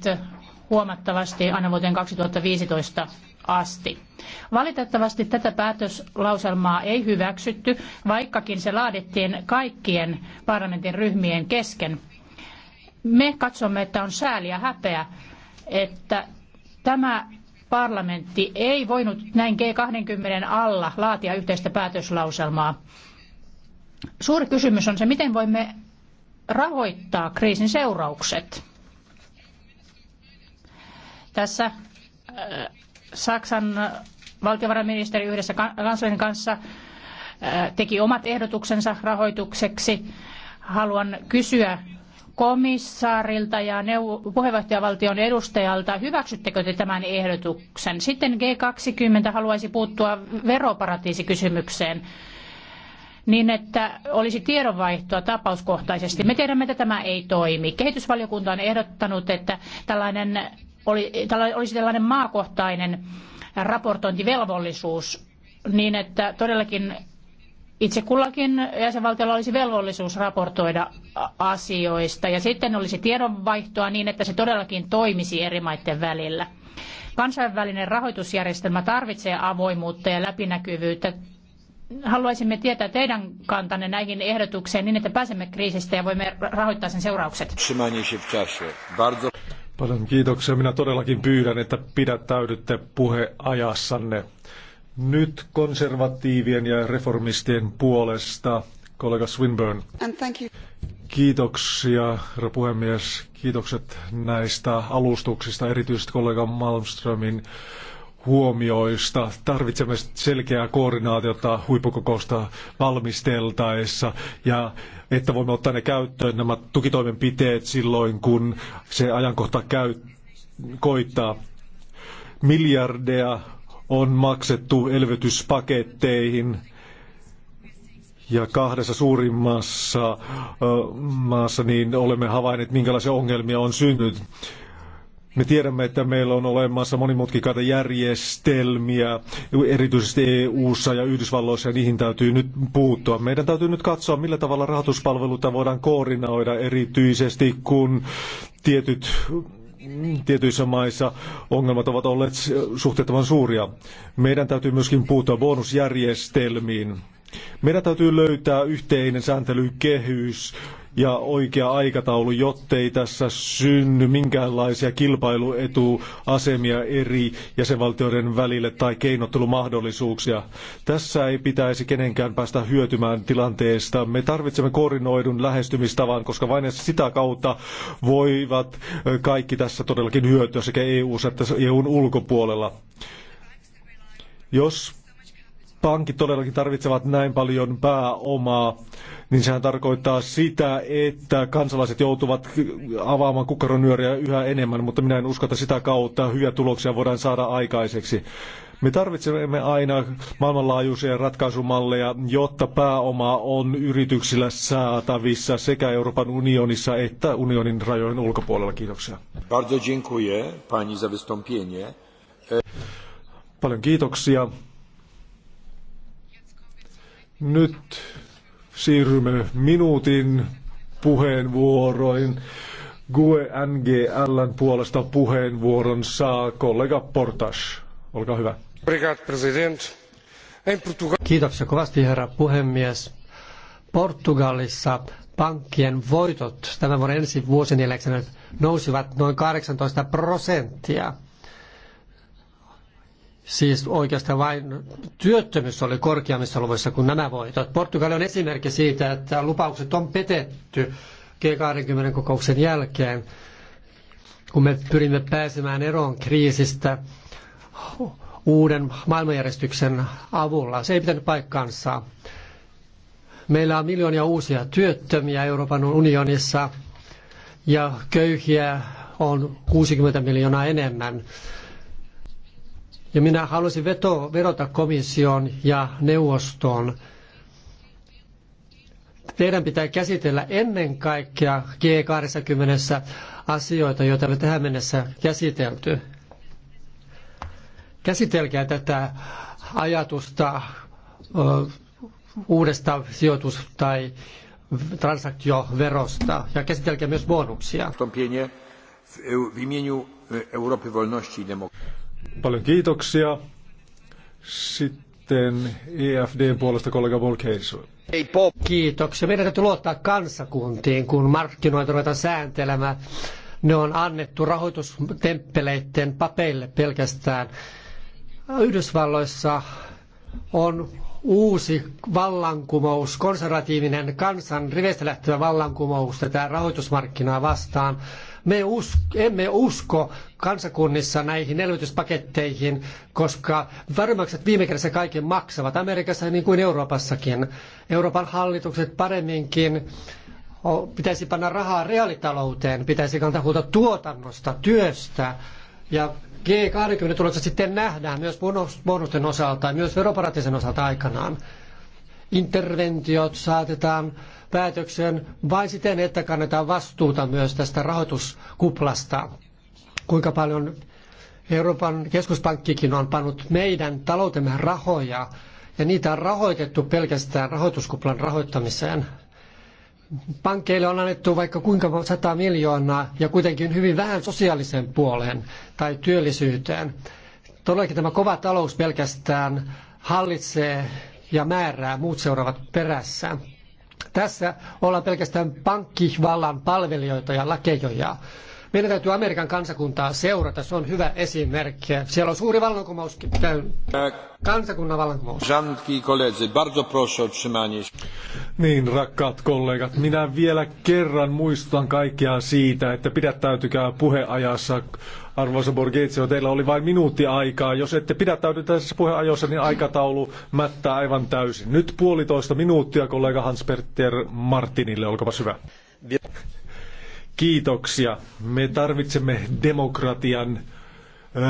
huomattavasti aina vuoteen 2015 asti. Valitettavasti tätä päätöslauselmaa ei hyväksytty, vaikkakin se laadittiin kaikkien parlamentin ryhmien kesken. Me katsomme, että on sääli ja häpeä, että tämä parlamentti ei voinut näin G20 alla laatia yhteistä päätöslauselmaa. Suuri kysymys on se, miten voimme rahoittaa kriisin seuraukset. Tässä äh, Saksan valtiovarainministeri yhdessä kanslerin kanssa äh, teki omat ehdotuksensa rahoitukseksi. Haluan kysyä komissaarilta ja neuv- puheenjohtajavaltion edustajalta, hyväksyttekö te tämän ehdotuksen? Sitten G20 haluaisi puuttua veroparatiisikysymykseen. kysymykseen niin että olisi tiedonvaihtoa tapauskohtaisesti. Me tiedämme, että tämä ei toimi. Kehitysvaliokunta on ehdottanut, että tällainen, olisi tällainen maakohtainen raportointivelvollisuus niin, että todellakin itse kullakin jäsenvaltiolla olisi velvollisuus raportoida asioista ja sitten olisi tiedonvaihtoa niin, että se todellakin toimisi eri maiden välillä. Kansainvälinen rahoitusjärjestelmä tarvitsee avoimuutta ja läpinäkyvyyttä haluaisimme tietää teidän kantanne näihin ehdotuksiin, niin, että pääsemme kriisistä ja voimme rahoittaa sen seuraukset. Paljon kiitoksia. Minä todellakin pyydän, että pidättäydytte puheajassanne. Nyt konservatiivien ja reformistien puolesta kollega Swinburne. Kiitoksia, herra puhemies. Kiitokset näistä alustuksista, erityisesti kollega Malmströmin huomioista. Tarvitsemme selkeää koordinaatiota huippukokousta valmisteltaessa ja että voimme ottaa ne käyttöön nämä tukitoimenpiteet silloin, kun se ajankohta käy, koittaa. Miljardeja on maksettu elvytyspaketteihin ja kahdessa suurimmassa maassa niin olemme havainneet, minkälaisia ongelmia on syntynyt me tiedämme, että meillä on olemassa monimutkikaita järjestelmiä, erityisesti EU-ssa ja Yhdysvalloissa, ja niihin täytyy nyt puuttua. Meidän täytyy nyt katsoa, millä tavalla rahoituspalveluita voidaan koordinoida, erityisesti kun tietyt tietyissä maissa ongelmat ovat olleet suhteettoman suuria. Meidän täytyy myöskin puuttua bonusjärjestelmiin. Meidän täytyy löytää yhteinen sääntelykehys, ja oikea aikataulu, jottei tässä synny minkäänlaisia kilpailuetuasemia eri jäsenvaltioiden välille tai keinottelumahdollisuuksia. Tässä ei pitäisi kenenkään päästä hyötymään tilanteesta. Me tarvitsemme koordinoidun lähestymistavan, koska vain sitä kautta voivat kaikki tässä todellakin hyötyä sekä EU- että EUn ulkopuolella. Jos pankit todellakin tarvitsevat näin paljon pääomaa, niin sehän tarkoittaa sitä, että kansalaiset joutuvat avaamaan kukkaronyöriä yhä enemmän, mutta minä en usko, että sitä kautta hyviä tuloksia voidaan saada aikaiseksi. Me tarvitsemme aina maailmanlaajuisia ratkaisumalleja, jotta pääoma on yrityksillä saatavissa sekä Euroopan unionissa että unionin rajojen ulkopuolella. Kiitoksia. Bardzo dziękuję pani za wystąpienie. Paljon kiitoksia. Nyt siirrymme minuutin puheenvuoroin. GUE NGLn puolesta puheenvuoron saa kollega Portas. Olkaa hyvä. Kiitoksia kovasti herra puhemies. Portugalissa pankkien voitot tämän vuoden ensi vuosineljäksenä nousivat noin 18 prosenttia. Siis oikeastaan vain työttömyys oli korkeammissa luvuissa kuin nämä voitot. Portugali on esimerkki siitä, että lupaukset on petetty G20-kokouksen jälkeen, kun me pyrimme pääsemään eroon kriisistä uuden maailmanjärjestyksen avulla. Se ei pitänyt paikkaansa. Meillä on miljoonia uusia työttömiä Euroopan unionissa ja köyhiä on 60 miljoonaa enemmän. Ja minä haluaisin veto, vedota komission ja neuvostoon. Teidän pitää käsitellä ennen kaikkea G20 asioita, joita me tähän mennessä käsitelty. Käsitelkää tätä ajatusta uudesta sijoitus- tai transaktioverosta ja käsitelkää myös bonuksia. Paljon kiitoksia. Sitten EFDn puolesta kollega pop. Kiitoksia. Meidän täytyy luottaa kansakuntiin, kun markkinoita ruvetaan sääntelemään. Ne on annettu rahoitustemppeleiden papeille pelkästään. Yhdysvalloissa on uusi vallankumous, konservatiivinen kansan rivestä lähtevä vallankumous tätä rahoitusmarkkinaa vastaan. Me us, emme usko kansakunnissa näihin elvytyspaketteihin, koska varmakset viime kädessä kaiken maksavat Amerikassa niin kuin Euroopassakin. Euroopan hallitukset paremminkin pitäisi panna rahaa reaalitalouteen, pitäisi kantaa huolta tuotannosta, työstä ja G20-tulokset sitten nähdään myös bonusten osalta ja myös veroparatiisin osalta aikanaan interventiot saatetaan päätökseen vain siten, että kannetaan vastuuta myös tästä rahoituskuplasta. Kuinka paljon Euroopan keskuspankkikin on pannut meidän taloutemme rahoja, ja niitä on rahoitettu pelkästään rahoituskuplan rahoittamiseen. Pankkeille on annettu vaikka kuinka sata miljoonaa ja kuitenkin hyvin vähän sosiaaliseen puoleen tai työllisyyteen. Todellakin tämä kova talous pelkästään hallitsee ja määrää, muut seuraavat perässä. Tässä ollaan pelkästään pankkivallan palvelijoita ja lakejoja. Meidän täytyy Amerikan kansakuntaa seurata, se on hyvä esimerkki. Siellä on suuri vallankumouskin käynyt. Kansakunnan vallankumous. koledzy, bardzo proszę Niin, rakkaat kollegat, minä vielä kerran muistutan kaikkia siitä, että pidättäytykää puheajassa. Arvoisa Borgetsio, teillä oli vain minuutti aikaa. Jos ette pidättäydy tässä puheajossa, niin aikataulu mättää aivan täysin. Nyt puolitoista minuuttia kollega Hans-Peter Martinille, olkapas hyvä. Kiitoksia. Me tarvitsemme demokratian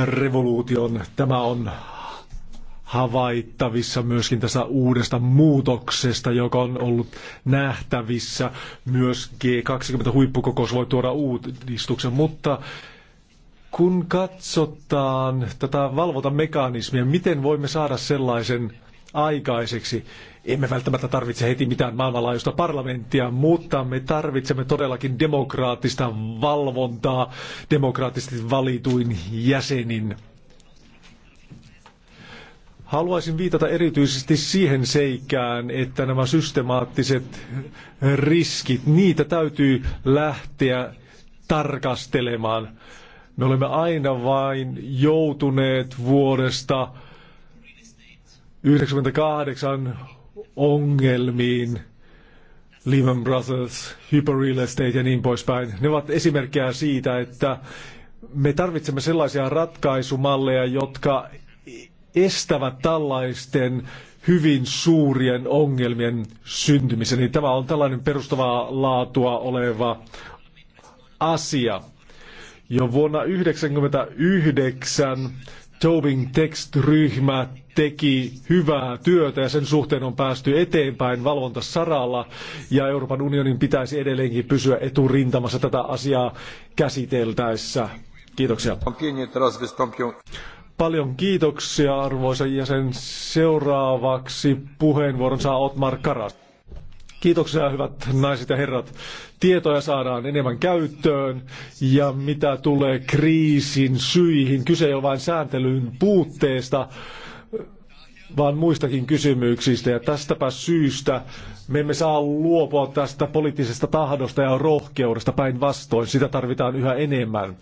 revoluution. Tämä on havaittavissa myöskin tässä uudesta muutoksesta, joka on ollut nähtävissä. Myös G20-huippukokous voi tuoda uudistuksen, mutta kun katsotaan tätä valvontamekanismia, miten voimme saada sellaisen aikaiseksi? Emme välttämättä tarvitse heti mitään maailmanlaajuista parlamenttia, mutta me tarvitsemme todellakin demokraattista valvontaa demokraattisesti valituin jäsenin. Haluaisin viitata erityisesti siihen seikkaan, että nämä systemaattiset riskit, niitä täytyy lähteä tarkastelemaan. Me olemme aina vain joutuneet vuodesta 1998 ongelmiin, Lehman Brothers, Hyper Real Estate ja niin poispäin. Ne ovat esimerkkejä siitä, että me tarvitsemme sellaisia ratkaisumalleja, jotka estävät tällaisten hyvin suurien ongelmien syntymisen. Niin tämä on tällainen perustavaa laatua oleva asia. Jo vuonna 1999 Tobin Text-ryhmä teki hyvää työtä ja sen suhteen on päästy eteenpäin valvontasaralla ja Euroopan unionin pitäisi edelleenkin pysyä eturintamassa tätä asiaa käsiteltäessä. Kiitoksia. Paljon kiitoksia arvoisa jäsen. Seuraavaksi puheenvuoron saa Otmar Karas. Kiitoksia hyvät naiset ja herrat. Tietoja saadaan enemmän käyttöön ja mitä tulee kriisin syihin, kyse ei ole vain sääntelyn puutteesta, vaan muistakin kysymyksistä. Ja tästäpä syystä me emme saa luopua tästä poliittisesta tahdosta ja rohkeudesta päinvastoin. Sitä tarvitaan yhä enemmän.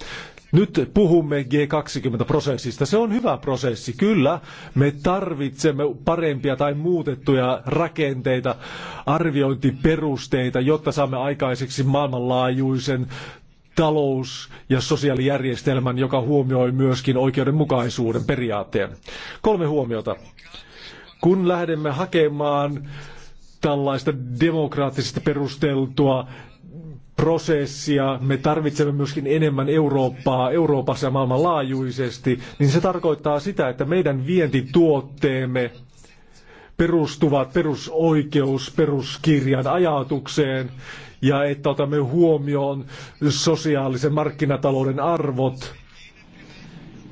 Nyt puhumme G20-prosessista. Se on hyvä prosessi, kyllä. Me tarvitsemme parempia tai muutettuja rakenteita, arviointiperusteita, jotta saamme aikaiseksi maailmanlaajuisen talous- ja sosiaalijärjestelmän, joka huomioi myöskin oikeudenmukaisuuden periaatteen. Kolme huomiota. Kun lähdemme hakemaan tällaista demokraattisesti perusteltua prosessia, me tarvitsemme myöskin enemmän Eurooppaa Euroopassa ja maailmanlaajuisesti, niin se tarkoittaa sitä, että meidän vientituotteemme perustuvat perusoikeus, peruskirjan ajatukseen ja että otamme huomioon sosiaalisen markkinatalouden arvot.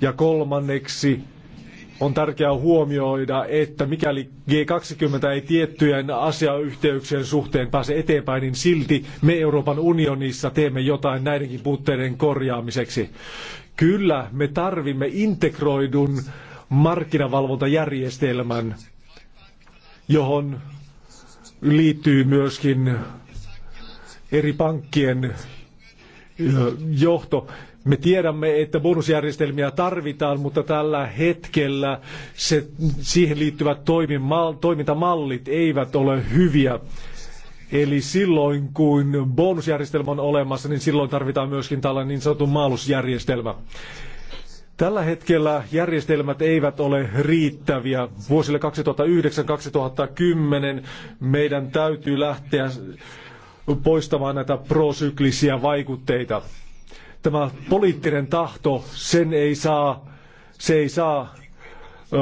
Ja kolmanneksi on tärkeää huomioida, että mikäli G20 ei tiettyjen asiayhteyksien suhteen pääse eteenpäin, niin silti me Euroopan unionissa teemme jotain näidenkin puutteiden korjaamiseksi. Kyllä, me tarvimme integroidun markkinavalvontajärjestelmän, johon liittyy myöskin eri pankkien johto. Me tiedämme, että bonusjärjestelmiä tarvitaan, mutta tällä hetkellä se, siihen liittyvät toimintamallit eivät ole hyviä. Eli silloin, kun bonusjärjestelmä on olemassa, niin silloin tarvitaan myöskin tällainen niin sanottu maalusjärjestelmä. Tällä hetkellä järjestelmät eivät ole riittäviä. Vuosille 2009-2010 meidän täytyy lähteä poistamaan näitä prosyklisiä vaikutteita. Tämä poliittinen tahto, sen ei saa, se ei saa ö,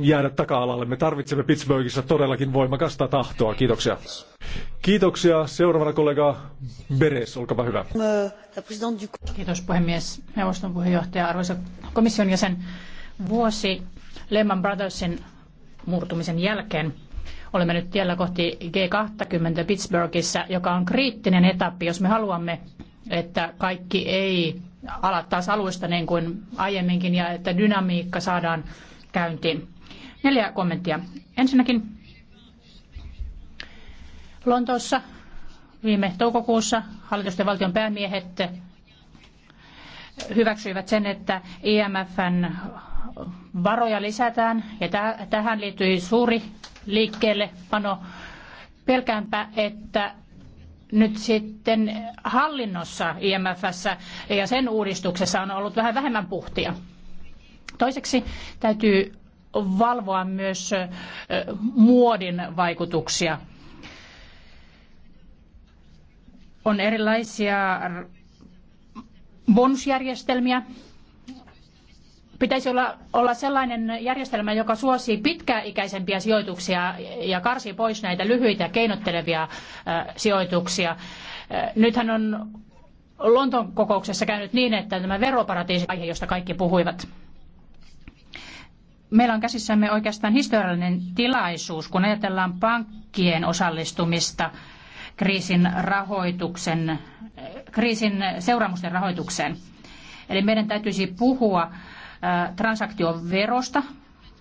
jäädä taka-alalle. Me tarvitsemme Pittsburghissa todellakin voimakasta tahtoa. Kiitoksia. Kiitoksia. Seuraavana kollega Beres, olkaapa hyvä. Kiitos puhemies, neuvoston puheenjohtaja, arvoisa komission jäsen. Vuosi Lehman Brothersin murtumisen jälkeen olemme nyt tiellä kohti G20 Pittsburghissa, joka on kriittinen etappi, jos me haluamme että kaikki ei ala taas alusta niin kuin aiemminkin ja että dynamiikka saadaan käyntiin. Neljä kommenttia. Ensinnäkin Lontoossa viime toukokuussa hallitusten valtion päämiehet hyväksyivät sen, että IMFn varoja lisätään ja tähän liittyi suuri liikkeelle pano. Pelkäänpä, että nyt sitten hallinnossa IMFssä ja sen uudistuksessa on ollut vähän vähemmän puhtia. Toiseksi täytyy valvoa myös muodin vaikutuksia. On erilaisia bonusjärjestelmiä, Pitäisi olla, olla sellainen järjestelmä, joka suosii pitkäikäisempiä sijoituksia ja karsii pois näitä lyhyitä keinottelevia sijoituksia. Nythän on Lontoon kokouksessa käynyt niin, että tämä veroparatiisi-aihe, josta kaikki puhuivat, meillä on käsissämme oikeastaan historiallinen tilaisuus, kun ajatellaan pankkien osallistumista kriisin, rahoituksen, kriisin seuraamusten rahoitukseen. Eli meidän täytyisi puhua transaktioverosta,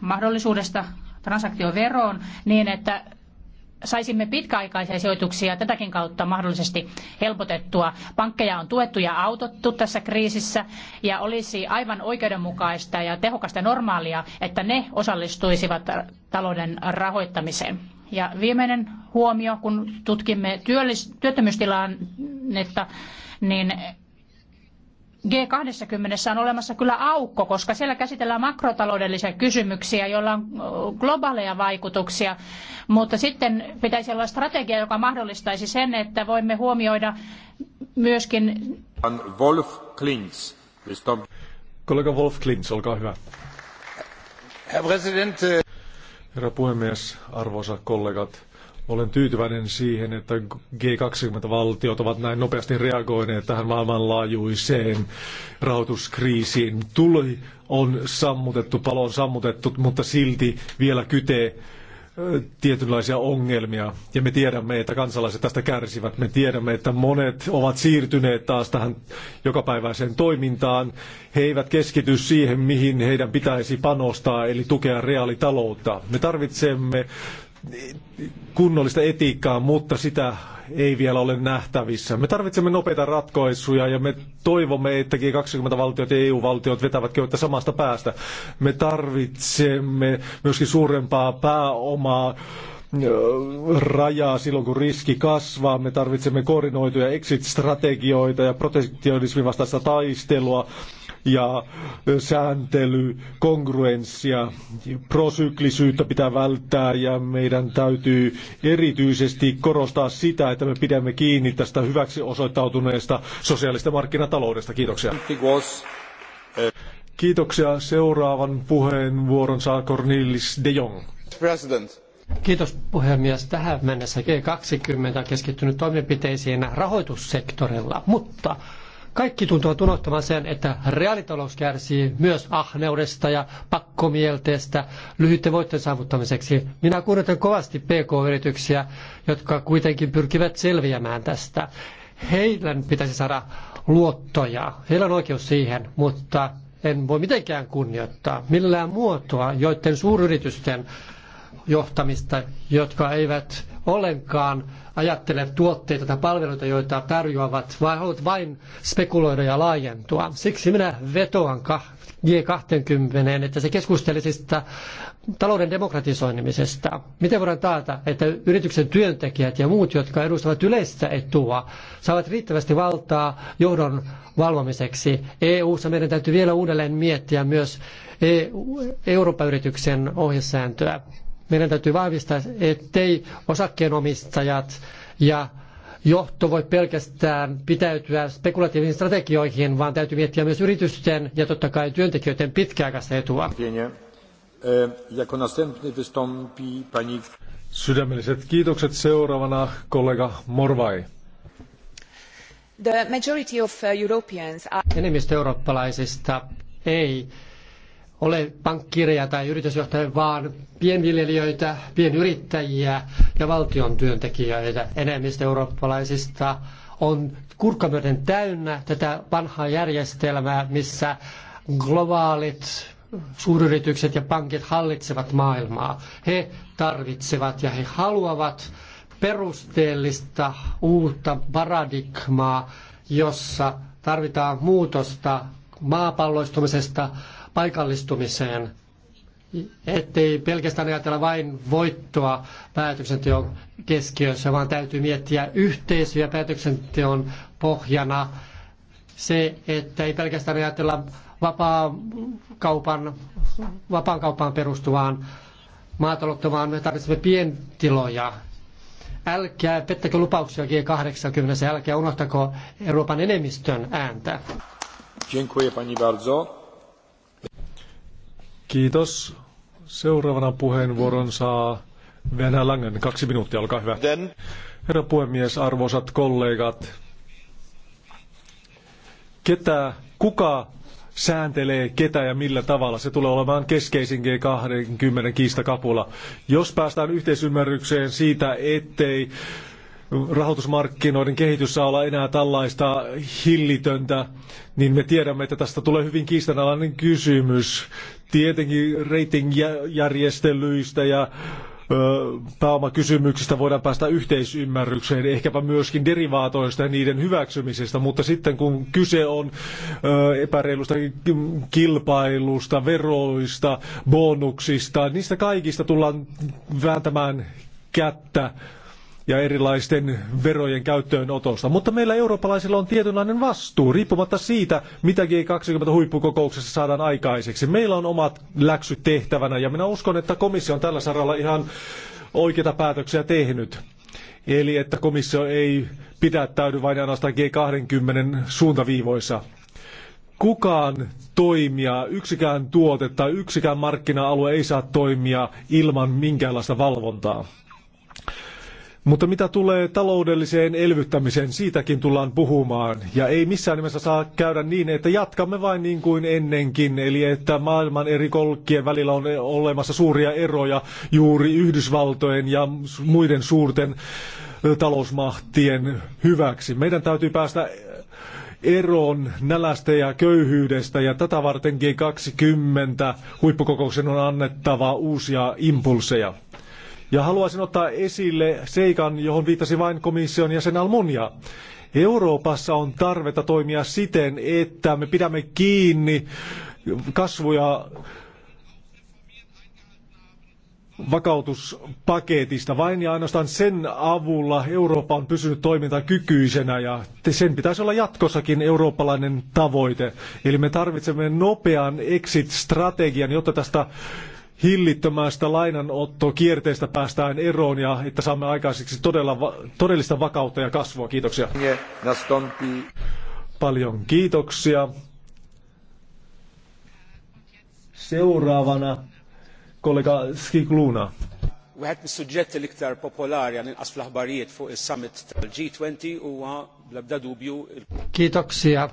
mahdollisuudesta transaktioveroon, niin että saisimme pitkäaikaisia sijoituksia tätäkin kautta mahdollisesti helpotettua. Pankkeja on tuettu ja autottu tässä kriisissä ja olisi aivan oikeudenmukaista ja tehokasta normaalia, että ne osallistuisivat talouden rahoittamiseen. Ja viimeinen huomio, kun tutkimme työttömyystilannetta, niin G20 on olemassa kyllä aukko, koska siellä käsitellään makrotaloudellisia kysymyksiä, joilla on globaaleja vaikutuksia, mutta sitten pitäisi olla strategia, joka mahdollistaisi sen, että voimme huomioida myöskin... Wolf Klintz. Kollega Wolf Klintz, olkaa hyvä. Herr äh Herra puhemies, arvoisa kollegat, olen tyytyväinen siihen, että G20-valtiot ovat näin nopeasti reagoineet tähän maailmanlaajuiseen rahoituskriisiin. Tuli on sammutettu, palo on sammutettu, mutta silti vielä kytee tietynlaisia ongelmia. Ja me tiedämme, että kansalaiset tästä kärsivät. Me tiedämme, että monet ovat siirtyneet taas tähän jokapäiväiseen toimintaan. He eivät keskity siihen, mihin heidän pitäisi panostaa, eli tukea reaalitaloutta. Me tarvitsemme kunnollista etiikkaa, mutta sitä ei vielä ole nähtävissä. Me tarvitsemme nopeita ratkaisuja ja me toivomme, että G20-valtiot ja EU-valtiot vetävät köyttä samasta päästä. Me tarvitsemme myöskin suurempaa pääomaa rajaa silloin, kun riski kasvaa. Me tarvitsemme koordinoituja exit-strategioita ja protektionismin vastaista taistelua ja sääntely, kongruenssia, prosyklisyyttä pitää välttää ja meidän täytyy erityisesti korostaa sitä, että me pidämme kiinni tästä hyväksi osoittautuneesta sosiaalista markkinataloudesta. Kiitoksia. Kiitoksia. Seuraavan puheenvuoron saa Cornelis de Jong. President. Kiitos puhemies. Tähän mennessä G20 on keskittynyt toimenpiteisiin rahoitussektorilla, mutta kaikki tuntuvat unohtamaan sen, että reaalitalous kärsii myös ahneudesta ja pakkomielteestä lyhyiden voittojen saavuttamiseksi. Minä kuunnelen kovasti PK-yrityksiä, jotka kuitenkin pyrkivät selviämään tästä. Heidän pitäisi saada luottoja. Heillä on oikeus siihen, mutta en voi mitenkään kunnioittaa millään muotoa joiden suuryritysten johtamista, jotka eivät ollenkaan ajattele tuotteita tai palveluita, joita tarjoavat, vaan haluavat vain spekuloida ja laajentua. Siksi minä vetoan G20, että se keskustelisi sitä talouden demokratisoinnimisesta. Miten voidaan taata, että yrityksen työntekijät ja muut, jotka edustavat yleistä etua, saavat riittävästi valtaa johdon valvomiseksi. EU-ssa meidän täytyy vielä uudelleen miettiä myös e- Euroopan yrityksen ohjesääntöä. Meidän täytyy vahvistaa, ettei osakkeenomistajat ja johto voi pelkästään pitäytyä spekulatiivisiin strategioihin, vaan täytyy miettiä myös yritysten ja totta kai työntekijöiden pitkäaikaista etua. E, Sydämelliset kiitokset seuraavana kollega Morvai. The majority of uh, Europeans are... Enemmistö eurooppalaisista ei ole pankkireja tai yritysjohtajia, vaan pienviljelijöitä, pienyrittäjiä ja valtion työntekijöitä. Enemmistö eurooppalaisista on kurkkamyöten täynnä tätä vanhaa järjestelmää, missä globaalit suuryritykset ja pankit hallitsevat maailmaa. He tarvitsevat ja he haluavat perusteellista uutta paradigmaa, jossa tarvitaan muutosta maapalloistumisesta paikallistumiseen, ettei pelkästään ajatella vain voittoa päätöksenteon keskiössä, vaan täytyy miettiä yhteisöjä päätöksenteon pohjana. Se, että ei pelkästään ajatella vapaa-kaupan, vapaan kaupan perustuvaan maataloutta, vaan me tarvitsemme pientiloja. Älkää pettäkö lupauksia G80, älkää unohtako Euroopan enemmistön ääntä. Dziękuję pani bardzo. Kiitos. Seuraavana puheenvuoron saa Venä Langen. Kaksi minuuttia, olkaa hyvä. Herra puhemies, arvoisat kollegat. Ketä, kuka sääntelee ketä ja millä tavalla. Se tulee olemaan keskeisin G20 kiistakapula. Jos päästään yhteisymmärrykseen siitä, ettei rahoitusmarkkinoiden kehitys saa olla enää tällaista hillitöntä, niin me tiedämme, että tästä tulee hyvin kiistanalainen kysymys. Tietenkin ratingjärjestelyistä ja pääomakysymyksistä voidaan päästä yhteisymmärrykseen, ehkäpä myöskin derivaatoista ja niiden hyväksymisestä, mutta sitten kun kyse on epäreilusta kilpailusta, veroista, bonuksista, niistä kaikista tullaan vääntämään kättä ja erilaisten verojen käyttöönotosta. Mutta meillä eurooppalaisilla on tietynlainen vastuu, riippumatta siitä, mitä G20-huippukokouksessa saadaan aikaiseksi. Meillä on omat läksyt tehtävänä, ja minä uskon, että komissio on tällä saralla ihan oikeita päätöksiä tehnyt. Eli että komissio ei pidättäydy vain ainoastaan G20 suuntaviivoissa. Kukaan toimija, yksikään tuote tai yksikään markkina-alue ei saa toimia ilman minkäänlaista valvontaa. Mutta mitä tulee taloudelliseen elvyttämiseen, siitäkin tullaan puhumaan. Ja ei missään nimessä saa käydä niin, että jatkamme vain niin kuin ennenkin, eli että maailman eri kolkkien välillä on olemassa suuria eroja juuri Yhdysvaltojen ja muiden suurten talousmahtien hyväksi. Meidän täytyy päästä eroon nälästä ja köyhyydestä ja tätä varten G20 huippukokouksen on annettava uusia impulseja. Ja haluaisin ottaa esille seikan, johon viittasi vain komission jäsen Almunia. Euroopassa on tarvetta toimia siten, että me pidämme kiinni kasvuja vakautuspaketista. Vain ja ainoastaan sen avulla Eurooppa on pysynyt toimintakykyisenä ja sen pitäisi olla jatkossakin eurooppalainen tavoite. Eli me tarvitsemme nopean exit-strategian, jotta tästä hillittömästä lainanottokierteestä päästään eroon ja että saamme aikaiseksi todella, todellista vakautta ja kasvua. Kiitoksia. Paljon kiitoksia. Seuraavana kollega Skikluna. Wieħed mis l-iktar popolari għan inqas fl fuq is-summit tal-G20 huwa dubju. Kiitoksia.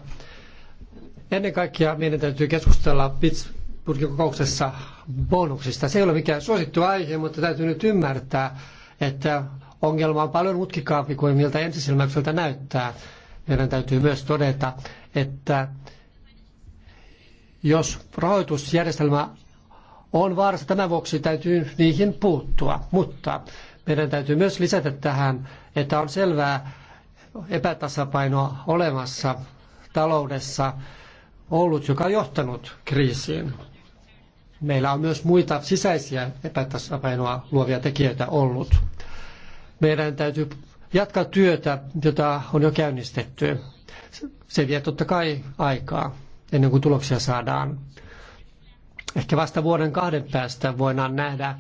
Ennen kaikkea meidän täytyy keskustella Pittsburghin kokouksessa bonuksista. Se ei ole mikään suosittu aihe, mutta täytyy nyt ymmärtää, että ongelma on paljon mutkikaampi kuin miltä ensisilmäykseltä näyttää. Meidän täytyy myös todeta, että jos rahoitusjärjestelmä on vaarassa, tämän vuoksi täytyy niihin puuttua. Mutta meidän täytyy myös lisätä tähän, että on selvää epätasapainoa olemassa taloudessa ollut, joka on johtanut kriisiin meillä on myös muita sisäisiä epätasapainoa luovia tekijöitä ollut. Meidän täytyy jatkaa työtä, jota on jo käynnistetty. Se vie totta kai aikaa ennen kuin tuloksia saadaan. Ehkä vasta vuoden kahden päästä voidaan nähdä,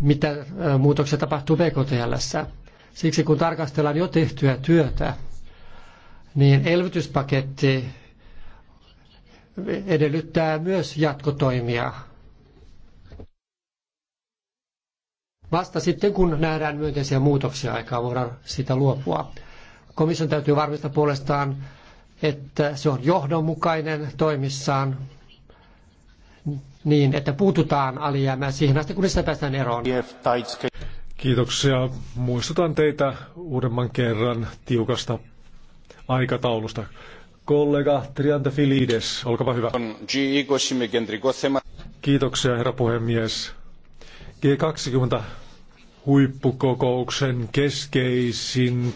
mitä muutoksia tapahtuu BKTLssä. Siksi kun tarkastellaan jo tehtyä työtä, niin elvytyspaketti edellyttää myös jatkotoimia. Vasta sitten, kun nähdään myönteisiä muutoksia aikaa, voidaan sitä luopua. Komission täytyy varmistaa puolestaan, että se on johdonmukainen toimissaan niin, että puututaan alijäämään siihen asti, kun sitä päästään eroon. Kiitoksia. Muistutan teitä uudemman kerran tiukasta aikataulusta. Kollega Triantafilides, olkapa hyvä. Kiitoksia, herra puhemies. G20 huippukokouksen keskeisin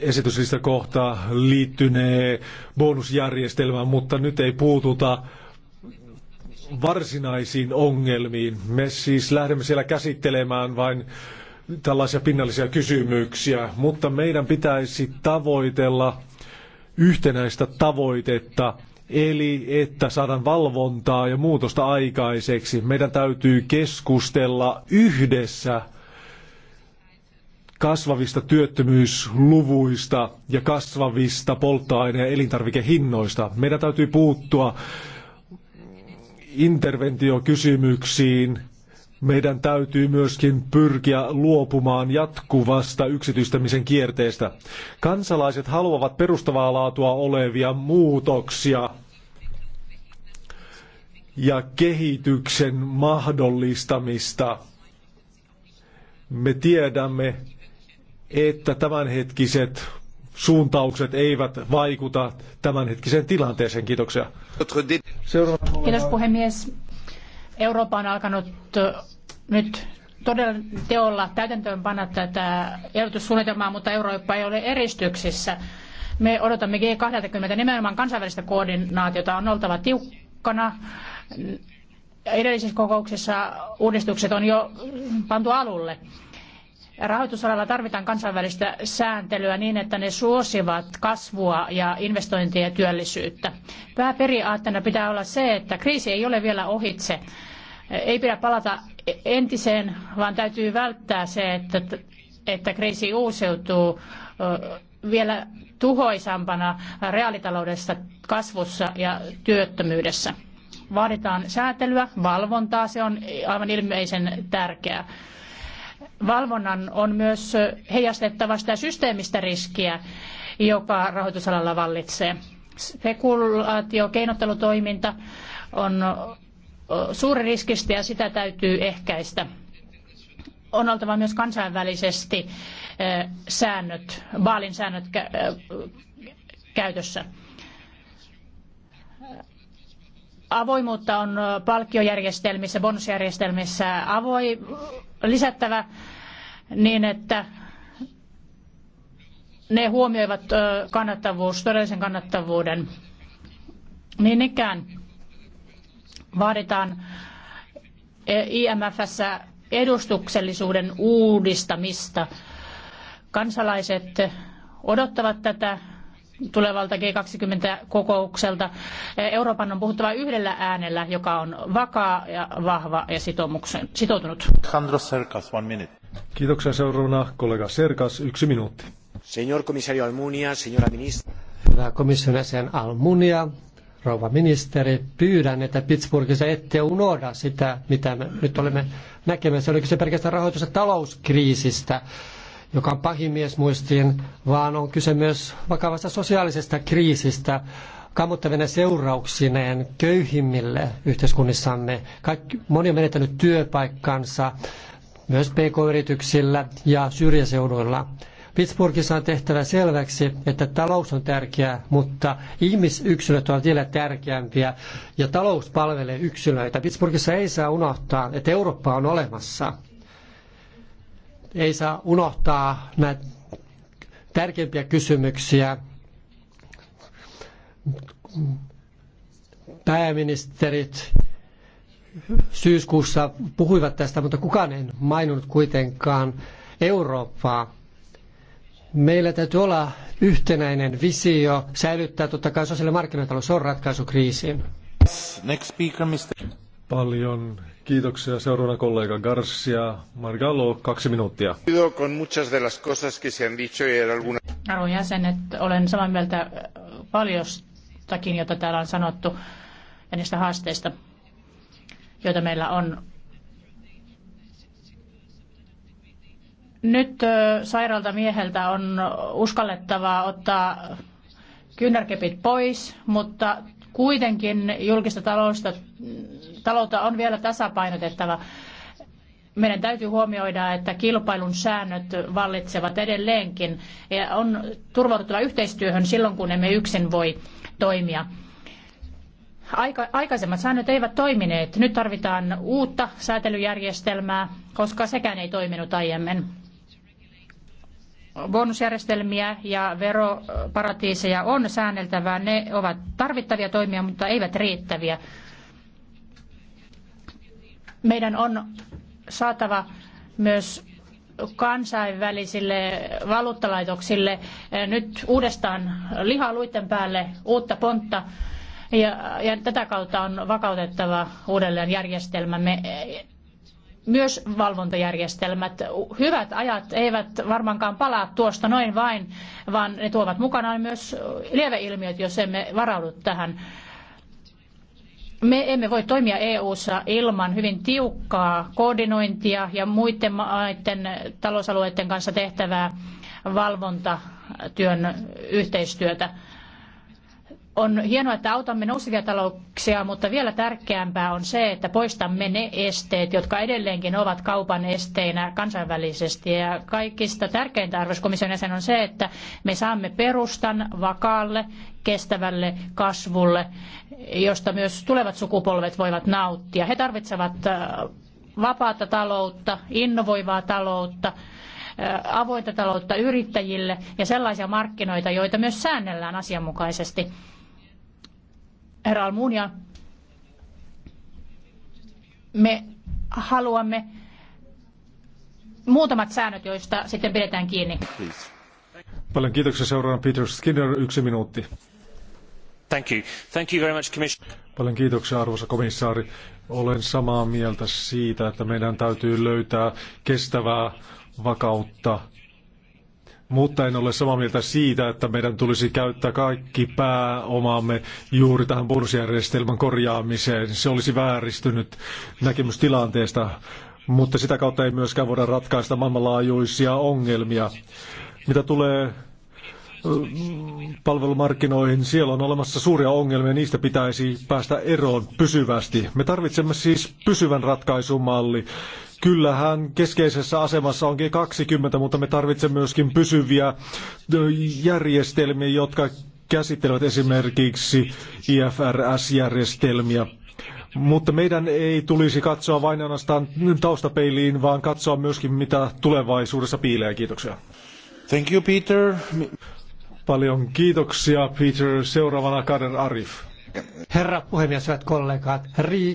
esityslista kohta liittynee bonusjärjestelmään, mutta nyt ei puututa varsinaisiin ongelmiin. Me siis lähdemme siellä käsittelemään vain tällaisia pinnallisia kysymyksiä, mutta meidän pitäisi tavoitella yhtenäistä tavoitetta, eli että saadaan valvontaa ja muutosta aikaiseksi. Meidän täytyy keskustella yhdessä kasvavista työttömyysluvuista ja kasvavista polttoaine- ja elintarvikehinnoista. Meidän täytyy puuttua interventiokysymyksiin meidän täytyy myöskin pyrkiä luopumaan jatkuvasta yksityistämisen kierteestä. Kansalaiset haluavat perustavaa laatua olevia muutoksia ja kehityksen mahdollistamista. Me tiedämme, että tämänhetkiset suuntaukset eivät vaikuta tämänhetkiseen tilanteeseen. Kiitoksia. Kiitos puhemies. Eurooppa on alkanut nyt todella teolla panna tätä elvytyssuunnitelmaa, mutta Eurooppa ei ole eristyksissä. Me odotamme G20 nimenomaan kansainvälistä koordinaatiota on oltava tiukkana. Edellisissä kokouksissa uudistukset on jo pantu alulle. Rahoitusalalla tarvitaan kansainvälistä sääntelyä niin, että ne suosivat kasvua ja investointeja, ja työllisyyttä. Pääperiaatteena pitää olla se, että kriisi ei ole vielä ohitse ei pidä palata entiseen, vaan täytyy välttää se, että, että kriisi uusiutuu vielä tuhoisampana reaalitaloudessa, kasvussa ja työttömyydessä. Vaaditaan säätelyä, valvontaa, se on aivan ilmeisen tärkeää. Valvonnan on myös heijastettava sitä systeemistä riskiä, joka rahoitusalalla vallitsee. Spekulaatio, keinottelutoiminta on suuririskistä ja sitä täytyy ehkäistä. On oltava myös kansainvälisesti säännöt, vaalin säännöt käytössä. Avoimuutta on palkkiojärjestelmissä, bonusjärjestelmissä avoi, lisättävä niin, että ne huomioivat kannattavuus, todellisen kannattavuuden. Niin ikään vaaditaan IMFssä edustuksellisuuden uudistamista. Kansalaiset odottavat tätä tulevalta G20-kokoukselta. Euroopan on puhuttava yhdellä äänellä, joka on vakaa ja vahva ja sitoutunut. Alejandro Serkas, one minute. Kiitoksia seuraavana kollega Serkas, yksi minuutti. Señor komissario Almunia, señora ministra. Hyvä komission Almunia, rouva ministeri, pyydän, että Pittsburghissa ette unohda sitä, mitä me nyt olemme näkemässä. Oliko se pelkästään rahoitus- ja talouskriisistä, joka on pahin muistiin, vaan on kyse myös vakavasta sosiaalisesta kriisistä, kammottavina seurauksineen köyhimmille yhteiskunnissamme. Kaikki, moni on menettänyt työpaikkansa myös pk-yrityksillä ja syrjäseuduilla. Pittsburghissa on tehtävä selväksi, että talous on tärkeää, mutta ihmisyksilöt ovat vielä tärkeämpiä ja talous palvelee yksilöitä. Pittsburghissa ei saa unohtaa, että Eurooppa on olemassa. Ei saa unohtaa näitä tärkeimpiä kysymyksiä. Pääministerit syyskuussa puhuivat tästä, mutta kukaan ei maininnut kuitenkaan Eurooppaa Meillä täytyy olla yhtenäinen visio, säilyttää totta kai sosiaalinen markkinatalous on ratkaisu kriisiin. Next speaker, Mr. Paljon kiitoksia. Seuraavana kollega Garcia Margallo, kaksi minuuttia. Con muchas de las cosas que se han dicho y alguna... Arvon jäsenet, olen samaa mieltä paljostakin, jota täällä on sanottu, ja niistä haasteista, joita meillä on Nyt sairaalta mieheltä on uskallettava ottaa kynärkepit pois, mutta kuitenkin julkista talousta, taloutta on vielä tasapainotettava. Meidän täytyy huomioida, että kilpailun säännöt vallitsevat edelleenkin ja on turvauduttava yhteistyöhön silloin, kun emme yksin voi toimia. Aika, aikaisemmat säännöt eivät toimineet. Nyt tarvitaan uutta säätelyjärjestelmää, koska sekään ei toiminut aiemmin bonusjärjestelmiä ja veroparatiiseja on säänneltävää. Ne ovat tarvittavia toimia, mutta eivät riittäviä. Meidän on saatava myös kansainvälisille valuuttalaitoksille eh, nyt uudestaan lihaa luiden päälle uutta pontta. Ja, ja tätä kautta on vakautettava uudelleen järjestelmämme myös valvontajärjestelmät. Hyvät ajat eivät varmaankaan palaa tuosta noin vain, vaan ne tuovat mukanaan myös lieveilmiöt, jos emme varaudu tähän. Me emme voi toimia EU-ssa ilman hyvin tiukkaa koordinointia ja muiden maiden talousalueiden kanssa tehtävää valvontatyön yhteistyötä. On hienoa, että autamme nousevia talouksia, mutta vielä tärkeämpää on se, että poistamme ne esteet, jotka edelleenkin ovat kaupan esteinä kansainvälisesti. Ja kaikista tärkeintä arvoiskomission jäsen on se, että me saamme perustan vakaalle, kestävälle kasvulle, josta myös tulevat sukupolvet voivat nauttia. He tarvitsevat äh, vapaata taloutta, innovoivaa taloutta, äh, avointa taloutta yrittäjille ja sellaisia markkinoita, joita myös säännellään asianmukaisesti herra Almunia, me haluamme muutamat säännöt, joista sitten pidetään kiinni. Paljon kiitoksia seuraavana Peter Skinner, yksi minuutti. Thank you. Thank you very much, Paljon kiitoksia arvoisa komissaari. Olen samaa mieltä siitä, että meidän täytyy löytää kestävää vakautta mutta en ole samaa mieltä siitä, että meidän tulisi käyttää kaikki pääomaamme juuri tähän bonusjärjestelmän korjaamiseen. Se olisi vääristynyt näkemys tilanteesta, mutta sitä kautta ei myöskään voida ratkaista maailmanlaajuisia ongelmia. Mitä tulee palvelumarkkinoihin, siellä on olemassa suuria ongelmia, niistä pitäisi päästä eroon pysyvästi. Me tarvitsemme siis pysyvän ratkaisumalli, Kyllähän keskeisessä asemassa on G20, mutta me tarvitsemme myöskin pysyviä järjestelmiä, jotka käsittelevät esimerkiksi IFRS-järjestelmiä. Mutta meidän ei tulisi katsoa vain ainoastaan taustapeiliin, vaan katsoa myöskin mitä tulevaisuudessa piilee. Kiitoksia. Thank you, Peter. Paljon kiitoksia, Peter. Seuraavana Kader Arif. Herra puhemies, hyvät kollegat,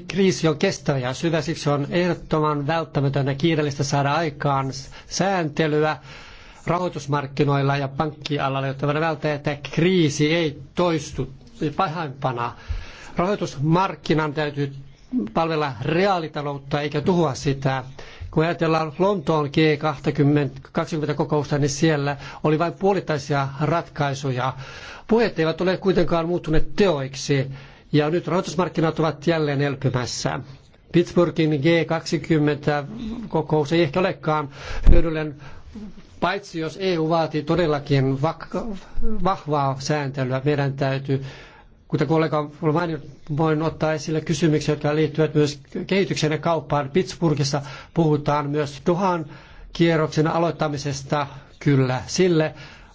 kriisi on kestävä ja syvä, siksi on ehdottoman välttämätöntä kiireellistä saada aikaan sääntelyä rahoitusmarkkinoilla ja pankkialalla, jotta voidaan välttää, että kriisi ei toistu pahempana. Rahoitusmarkkinan täytyy palvella reaalitaloutta eikä tuhoa sitä. Kun ajatellaan Lontoon G20-kokousta, niin siellä oli vain puolittaisia ratkaisuja. Puheet eivät ole kuitenkaan muuttuneet teoiksi, ja nyt rahoitusmarkkinat ovat jälleen elpymässä. Pittsburghin G20-kokous ei ehkä olekaan hyödyllinen, paitsi jos EU vaatii todellakin vahvaa sääntelyä. Meidän täytyy Kuten kollega mainitsi, voin ottaa esille kysymyksiä, jotka liittyvät myös kehitykseen ja kauppaan. Pittsburghissa puhutaan myös Dohan kierroksen aloittamisesta, kyllä sille,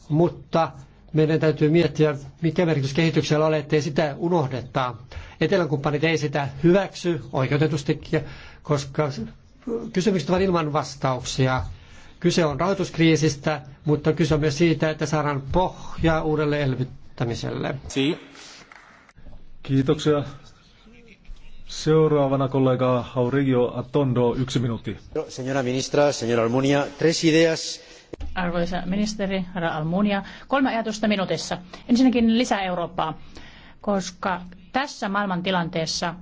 mutta meidän täytyy miettiä, mikä merkitys kehityksellä on, ettei sitä unohdeta. Etelän kumppanit ei sitä hyväksy oikeutetusti, koska kysymykset ovat ilman vastauksia. Kyse on rahoituskriisistä, mutta kyse on myös siitä, että saadaan pohja uudelle elvyttämiselle. Si. Kiitoksia. Seuraavana kollega Aurelio Atondo, yksi minuutti. Señora ministra, señora Almunia, tres ideas. Arvoisa ministeri, herra Almunia, kolme ajatusta minuutissa. Ensinnäkin lisää Eurooppaa, koska tässä maailman tilanteessa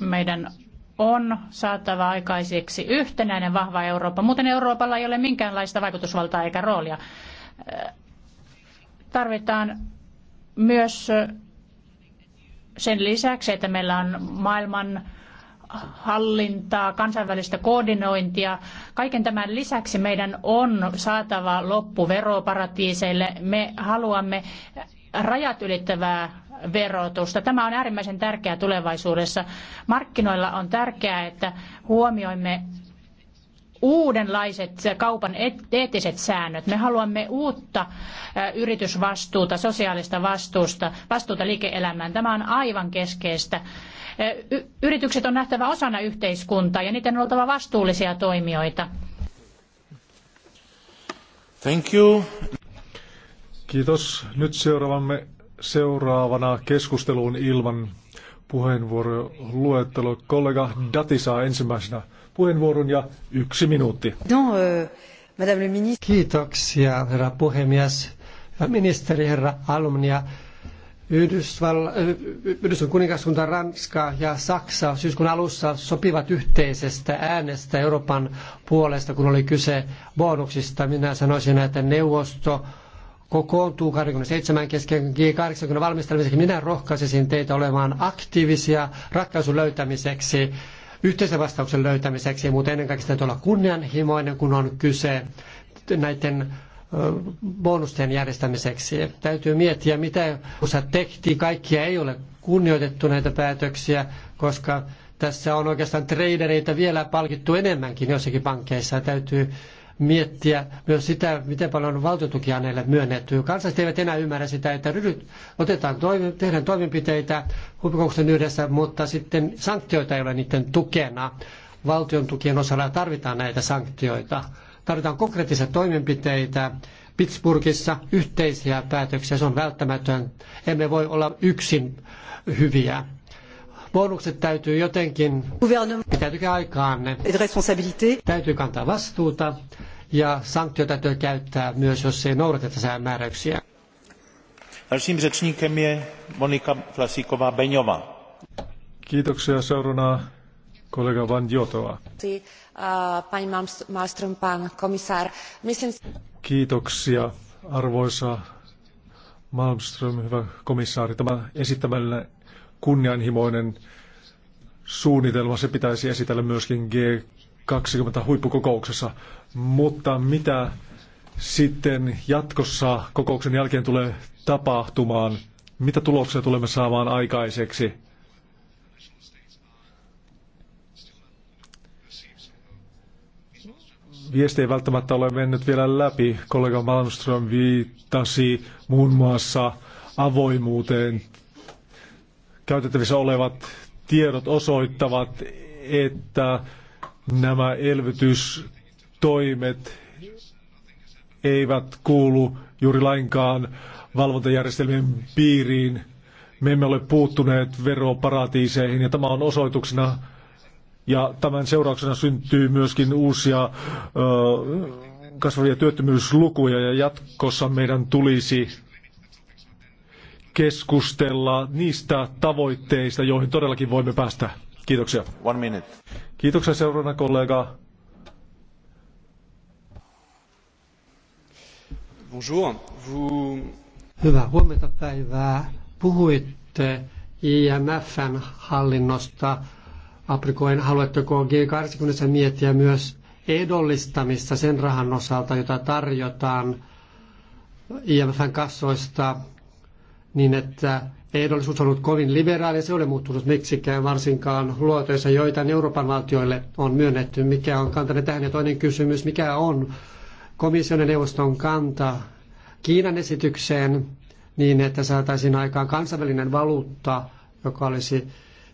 meidän on saatava aikaiseksi yhtenäinen vahva Eurooppa. Muuten Euroopalla ei ole minkäänlaista vaikutusvaltaa eikä roolia. Tarvitaan myös sen lisäksi, että meillä on maailman hallintaa, kansainvälistä koordinointia. Kaiken tämän lisäksi meidän on saatava loppu veroparatiiseille. Me haluamme rajat ylittävää verotusta. Tämä on äärimmäisen tärkeää tulevaisuudessa. Markkinoilla on tärkeää, että huomioimme uudenlaiset kaupan eettiset säännöt. Me haluamme uutta äh, yritysvastuuta, sosiaalista vastuusta, vastuuta liike-elämään. Tämä on aivan keskeistä. Äh, yritykset on nähtävä osana yhteiskuntaa ja niiden on oltava vastuullisia toimijoita. Thank you. Kiitos. Nyt seuraavamme seuraavana keskusteluun ilman puheenvuoroluettelo. Kollega Dati saa ensimmäisenä puheenvuoron ja yksi minuutti. Euh, Kiitoksia, herra puhemies. Ja ministeri, herra Alumnia. Yhdysvalla, äh, Yhdysvallan kuningaskunta, Ranska ja Saksa syyskuun alussa sopivat yhteisestä äänestä Euroopan puolesta, kun oli kyse bonuksista. Minä sanoisin, että neuvosto kokoontuu 27 kesken G80 valmistelemiseksi. Minä rohkaisisin teitä olemaan aktiivisia ratkaisun löytämiseksi yhteisen vastauksen löytämiseksi, mutta ennen kaikkea täytyy olla kunnianhimoinen, kun on kyse näiden bonusten järjestämiseksi. Täytyy miettiä, mitä osa tehtiin. Kaikkia ei ole kunnioitettu näitä päätöksiä, koska tässä on oikeastaan treidereitä vielä palkittu enemmänkin jossakin pankkeissa. Täytyy miettiä myös sitä, miten paljon valtiotukia on näille myönnetty. Kansalaiset eivät enää ymmärrä sitä, että ryhdyt, otetaan toimi, tehdään toimenpiteitä huippukokouksen yhdessä, mutta sitten sanktioita ei ole niiden tukena. Valtion tukien osalla tarvitaan näitä sanktioita. Tarvitaan konkreettisia toimenpiteitä. Pittsburghissa yhteisiä päätöksiä, se on välttämätön. Emme voi olla yksin hyviä bonukset täytyy jotenkin, pitäytykää aikaanne, täytyy kantaa vastuuta ja sanktioita täytyy käyttää myös, jos ei noudateta säämääräyksiä. Dalším řečníkem je Monika Flasíková Beňová. Kiitoksia seurana kollega Van Jotova. Pani Malmström, pan komisár. Myslím... Kiitoksia arvoisa Malmström, hyvä komissaari. Tämä esittämällä kunnianhimoinen suunnitelma. Se pitäisi esitellä myöskin G20-huippukokouksessa. Mutta mitä sitten jatkossa kokouksen jälkeen tulee tapahtumaan? Mitä tuloksia tulemme saamaan aikaiseksi? viesti ei välttämättä ole mennyt vielä läpi. Kollega Malmström viittasi muun muassa avoimuuteen käytettävissä olevat tiedot osoittavat, että nämä elvytystoimet eivät kuulu juuri lainkaan valvontajärjestelmien piiriin. Me emme ole puuttuneet veroparatiiseihin ja tämä on osoituksena ja tämän seurauksena syntyy myöskin uusia ö, kasvavia työttömyyslukuja ja jatkossa meidän tulisi keskustella niistä tavoitteista, joihin todellakin voimme päästä. Kiitoksia. One minute. Kiitoksia seuraavana kollega. Bonjour. Vous... Hyvää huomenta päivää. Puhuitte IMFn hallinnosta. Aprikoin, haluatteko G20 miettiä myös edollistamista sen rahan osalta, jota tarjotaan IMFn kassoista niin että ehdollisuus on ollut kovin liberaali, se ei ole muuttunut miksikään, varsinkaan luotoissa, joita Euroopan valtioille on myönnetty. Mikä on kantana tähän? Ja toinen kysymys, mikä on komission ja neuvoston kanta Kiinan esitykseen niin, että saataisiin aikaan kansainvälinen valuutta, joka olisi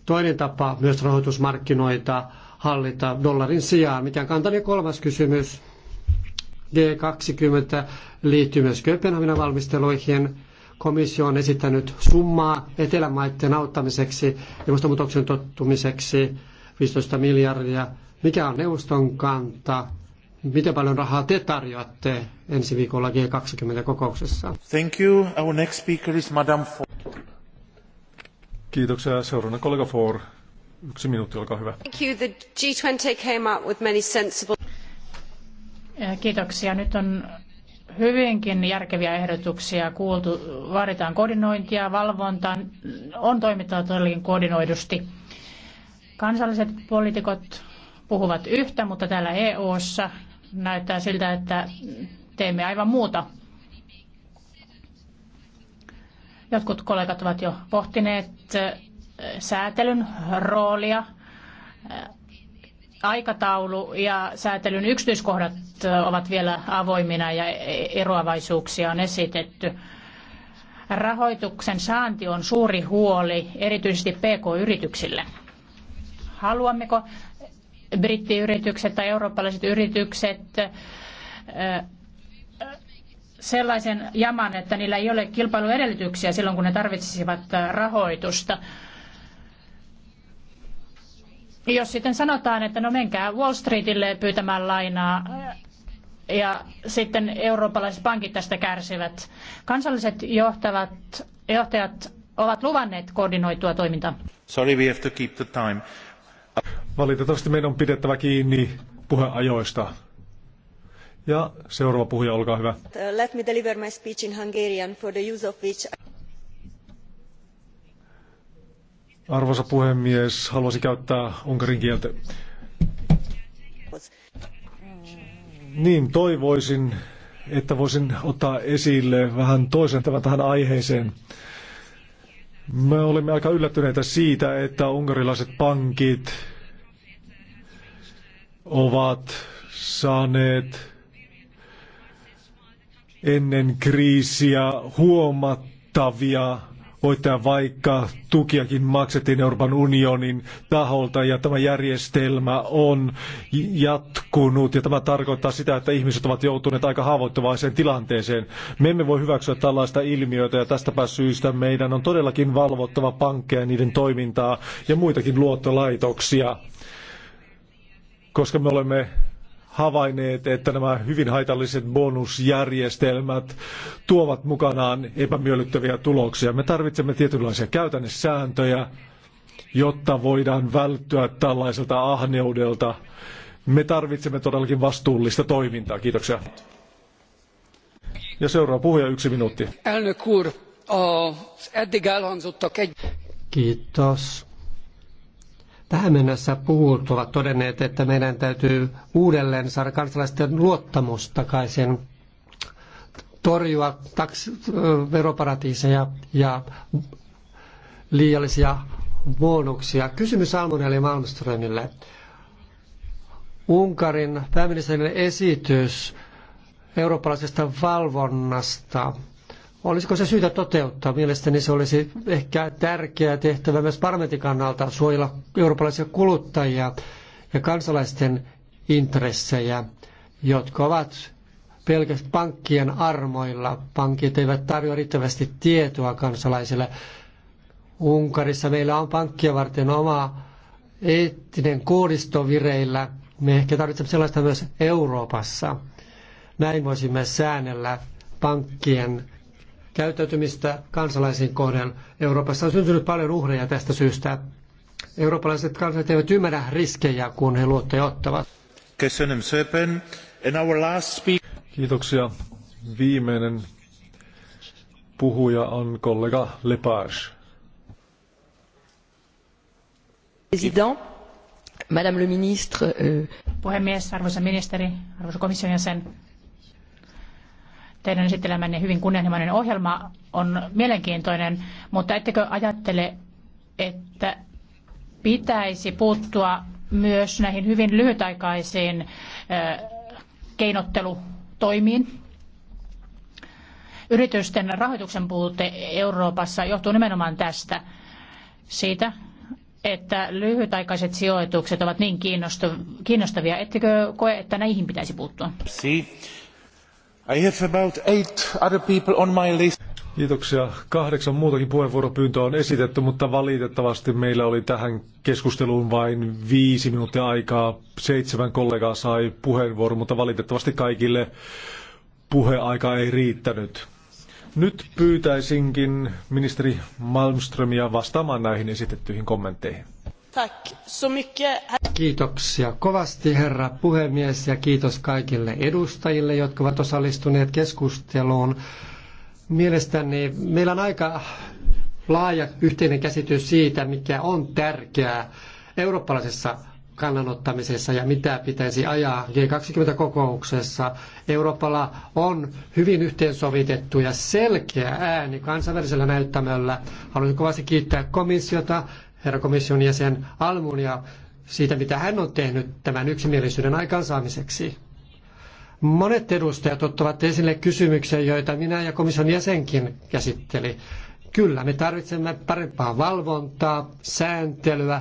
toinen tapa myös rahoitusmarkkinoita hallita dollarin sijaan. Mikä on kantani? Kolmas kysymys. G20 liittyy myös Kööpenhaminan valmisteluihin komissio on esittänyt summaa etelämaiden auttamiseksi ilmastonmuutoksen tottumiseksi 15 miljardia. Mikä on neuvoston kanta? Miten paljon rahaa te tarjoatte ensi viikolla G20-kokouksessa? Thank you. Our next speaker is Madame Ford. Kiitoksia. Seuraavana kollega Ford. Yksi minuutti, olkaa hyvä. Thank you. The G20 came up with many sensible... Kiitoksia. Nyt on hyvinkin järkeviä ehdotuksia kuultu. Vaaditaan koordinointia, valvontaa, on toimittava todellakin koordinoidusti. Kansalliset poliitikot puhuvat yhtä, mutta täällä EU:ssa näyttää siltä, että teemme aivan muuta. Jotkut kollegat ovat jo pohtineet säätelyn roolia aikataulu ja säätelyn yksityiskohdat ovat vielä avoimina ja e-, eroavaisuuksia on esitetty. Rahoituksen saanti on suuri huoli, erityisesti PK-yrityksille. Haluammeko brittiyritykset tai eurooppalaiset yritykset sellaisen jaman, että niillä ei ole kilpailuedellytyksiä silloin, kun ne tarvitsisivat rahoitusta? Jos sitten sanotaan, että no menkää Wall Streetille pyytämään lainaa, ja sitten eurooppalaiset pankit tästä kärsivät. Kansalliset johtavat, johtajat ovat luvanneet koordinoitua toimintaa. Sorry, we have to keep the time. Valitettavasti meidän on pidettävä kiinni puheajoista. Ja seuraava puhuja, olkaa hyvä. Let me deliver my speech in Hungarian for the use of which... Arvoisa puhemies, haluaisin käyttää unkarin kieltä. Niin, toivoisin, että voisin ottaa esille vähän toisen tämän tähän aiheeseen. Me olimme aika yllättyneitä siitä, että unkarilaiset pankit ovat saaneet ennen kriisiä huomattavia voittajan vaikka tukiakin maksettiin Euroopan unionin taholta ja tämä järjestelmä on jatkunut ja tämä tarkoittaa sitä, että ihmiset ovat joutuneet aika haavoittuvaiseen tilanteeseen. Me emme voi hyväksyä tällaista ilmiötä ja tästäpä syystä meidän on todellakin valvottava pankkeja, niiden toimintaa ja muitakin luottolaitoksia, koska me olemme havainneet, että nämä hyvin haitalliset bonusjärjestelmät tuovat mukanaan epämiellyttäviä tuloksia. Me tarvitsemme tietynlaisia käytännössääntöjä, jotta voidaan välttyä tällaiselta ahneudelta. Me tarvitsemme todellakin vastuullista toimintaa. Kiitoksia. Ja seuraava puhuja yksi minuutti. Kiitos. Tähän mennessä puhut ovat todenneet, että meidän täytyy uudelleen saada kansalaisten luottamus takaisin torjua taks, veroparatiiseja ja liiallisia bonuksia. Kysymys Almonelle Malmströmille. Unkarin pääministerin esitys eurooppalaisesta valvonnasta Olisiko se syytä toteuttaa? Mielestäni se olisi ehkä tärkeä tehtävä myös parlamentin kannalta suojella eurooppalaisia kuluttajia ja kansalaisten intressejä, jotka ovat pelkästään pankkien armoilla. Pankit eivät tarjoa riittävästi tietoa kansalaisille. Unkarissa meillä on pankkia varten oma eettinen koodisto vireillä. Me ehkä tarvitsemme sellaista myös Euroopassa. Näin voisimme säännellä pankkien käyttäytymistä kansalaisiin kohden. Euroopassa on syntynyt paljon uhreja tästä syystä. Eurooppalaiset kansalaiset eivät ymmärrä riskejä, kun he luotteja ottavat. Kiitoksia. Viimeinen puhuja on kollega Lepage. President, Madame le Ministre. Euh- Puhemies, arvoisa ministeri, arvoisa komission jäsen teidän esittelemänne hyvin kunnianhimoinen ohjelma on mielenkiintoinen, mutta ettekö ajattele, että pitäisi puuttua myös näihin hyvin lyhytaikaisiin keinottelutoimiin? Yritysten rahoituksen puute Euroopassa johtuu nimenomaan tästä, siitä, että lyhytaikaiset sijoitukset ovat niin kiinnostavia. Ettekö koe, että näihin pitäisi puuttua? Si. I have about eight other people on my list. Kiitoksia. Kahdeksan muutakin puheenvuoropyyntöä on esitetty, mutta valitettavasti meillä oli tähän keskusteluun vain viisi minuuttia aikaa. Seitsemän kollegaa sai puheenvuoron, mutta valitettavasti kaikille puheaika ei riittänyt. Nyt pyytäisinkin ministeri Malmströmiä vastaamaan näihin esitettyihin kommentteihin. Kiitoksia kovasti herra puhemies ja kiitos kaikille edustajille, jotka ovat osallistuneet keskusteluun. Mielestäni meillä on aika laaja yhteinen käsitys siitä, mikä on tärkeää eurooppalaisessa kannanottamisessa ja mitä pitäisi ajaa G20-kokouksessa. Euroopalla on hyvin yhteensovitettu ja selkeä ääni kansainvälisellä näyttämöllä. Haluaisin kovasti kiittää komissiota herra komission jäsen Almunia siitä, mitä hän on tehnyt tämän yksimielisyyden aikaansaamiseksi. Monet edustajat ottavat esille kysymyksiä, joita minä ja komission jäsenkin käsitteli. Kyllä, me tarvitsemme parempaa valvontaa, sääntelyä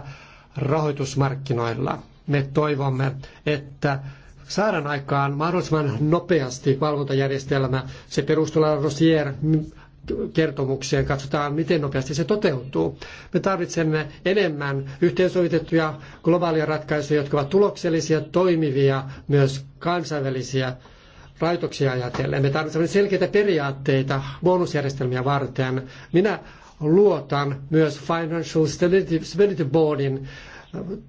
rahoitusmarkkinoilla. Me toivomme, että saadaan aikaan mahdollisimman nopeasti valvontajärjestelmä. Se perustuu Rosier kertomukseen, katsotaan miten nopeasti se toteutuu. Me tarvitsemme enemmän yhteensovitettuja globaalia ratkaisuja, jotka ovat tuloksellisia, toimivia, myös kansainvälisiä rajoituksia ajatellen. Me tarvitsemme selkeitä periaatteita bonusjärjestelmiä varten. Minä luotan myös Financial Stability Boardin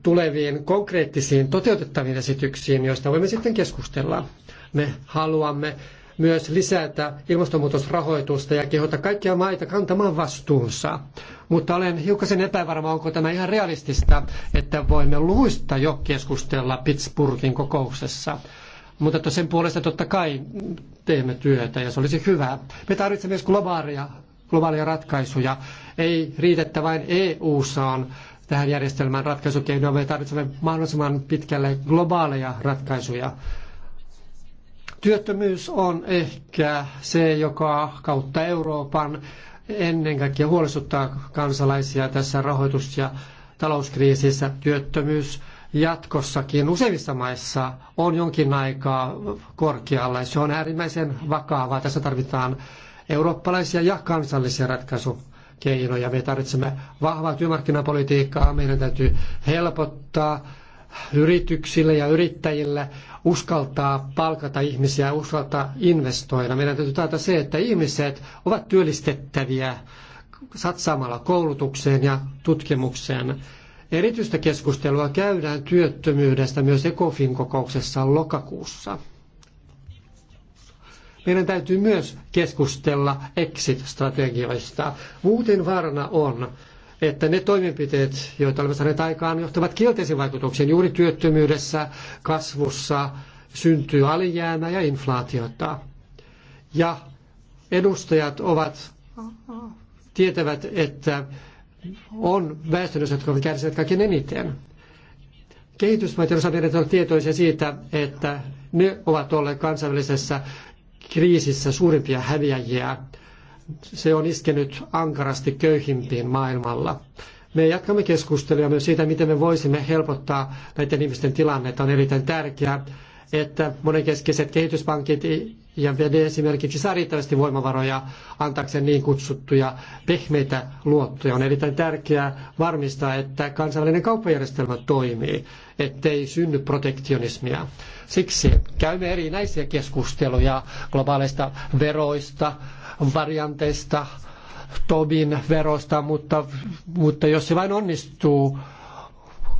tuleviin konkreettisiin toteutettaviin esityksiin, joista voimme sitten keskustella. Me haluamme myös lisätä ilmastonmuutosrahoitusta ja kehota kaikkia maita kantamaan vastuunsa. Mutta olen hiukan epävarma, onko tämä ihan realistista, että voimme luvuista jo keskustella Pittsburghin kokouksessa. Mutta sen puolesta totta kai teemme työtä ja se olisi hyvä. Me tarvitsemme myös globaalia, globaalia ratkaisuja. Ei että vain eu on tähän järjestelmään ratkaisukeinoa. Me tarvitsemme mahdollisimman pitkälle globaaleja ratkaisuja. Työttömyys on ehkä se, joka kautta Euroopan ennen kaikkea huolestuttaa kansalaisia tässä rahoitus- ja talouskriisissä. Työttömyys jatkossakin useimmissa maissa on jonkin aikaa korkealla. Se on äärimmäisen vakavaa. Tässä tarvitaan eurooppalaisia ja kansallisia ratkaisukeinoja. Me tarvitsemme vahvaa työmarkkinapolitiikkaa. Meidän täytyy helpottaa yrityksille ja yrittäjille uskaltaa palkata ihmisiä, uskaltaa investoida. Meidän täytyy taata se, että ihmiset ovat työllistettäviä satsaamalla koulutukseen ja tutkimukseen. Erityistä keskustelua käydään työttömyydestä myös ECOFIN kokouksessa lokakuussa. Meidän täytyy myös keskustella exit-strategioista. Muuten vaarana on, että ne toimenpiteet, joita olemme saaneet aikaan, johtavat kielteisiin vaikutuksiin juuri työttömyydessä, kasvussa, syntyy alijäämää ja inflaatiota. Ja edustajat ovat, tietävät, että on väestönosat, jotka kärsineet kaikkein eniten. Kehitysmaiden osaviedet ovat tietoisia siitä, että ne ovat olleet kansainvälisessä kriisissä suurimpia häviäjiä se on iskenyt ankarasti köyhimpiin maailmalla. Me jatkamme keskustelua myös siitä, miten me voisimme helpottaa näiden ihmisten tilannetta. On erittäin tärkeää, että monenkeskiset kehityspankit ja VD esimerkiksi saa riittävästi voimavaroja antaakseen niin kutsuttuja pehmeitä luottoja. On erittäin tärkeää varmistaa, että kansainvälinen kauppajärjestelmä toimii, ettei synny protektionismia. Siksi käymme erinäisiä keskusteluja globaaleista veroista, varianteista, Tobin verosta, mutta, mutta jos se vain onnistuu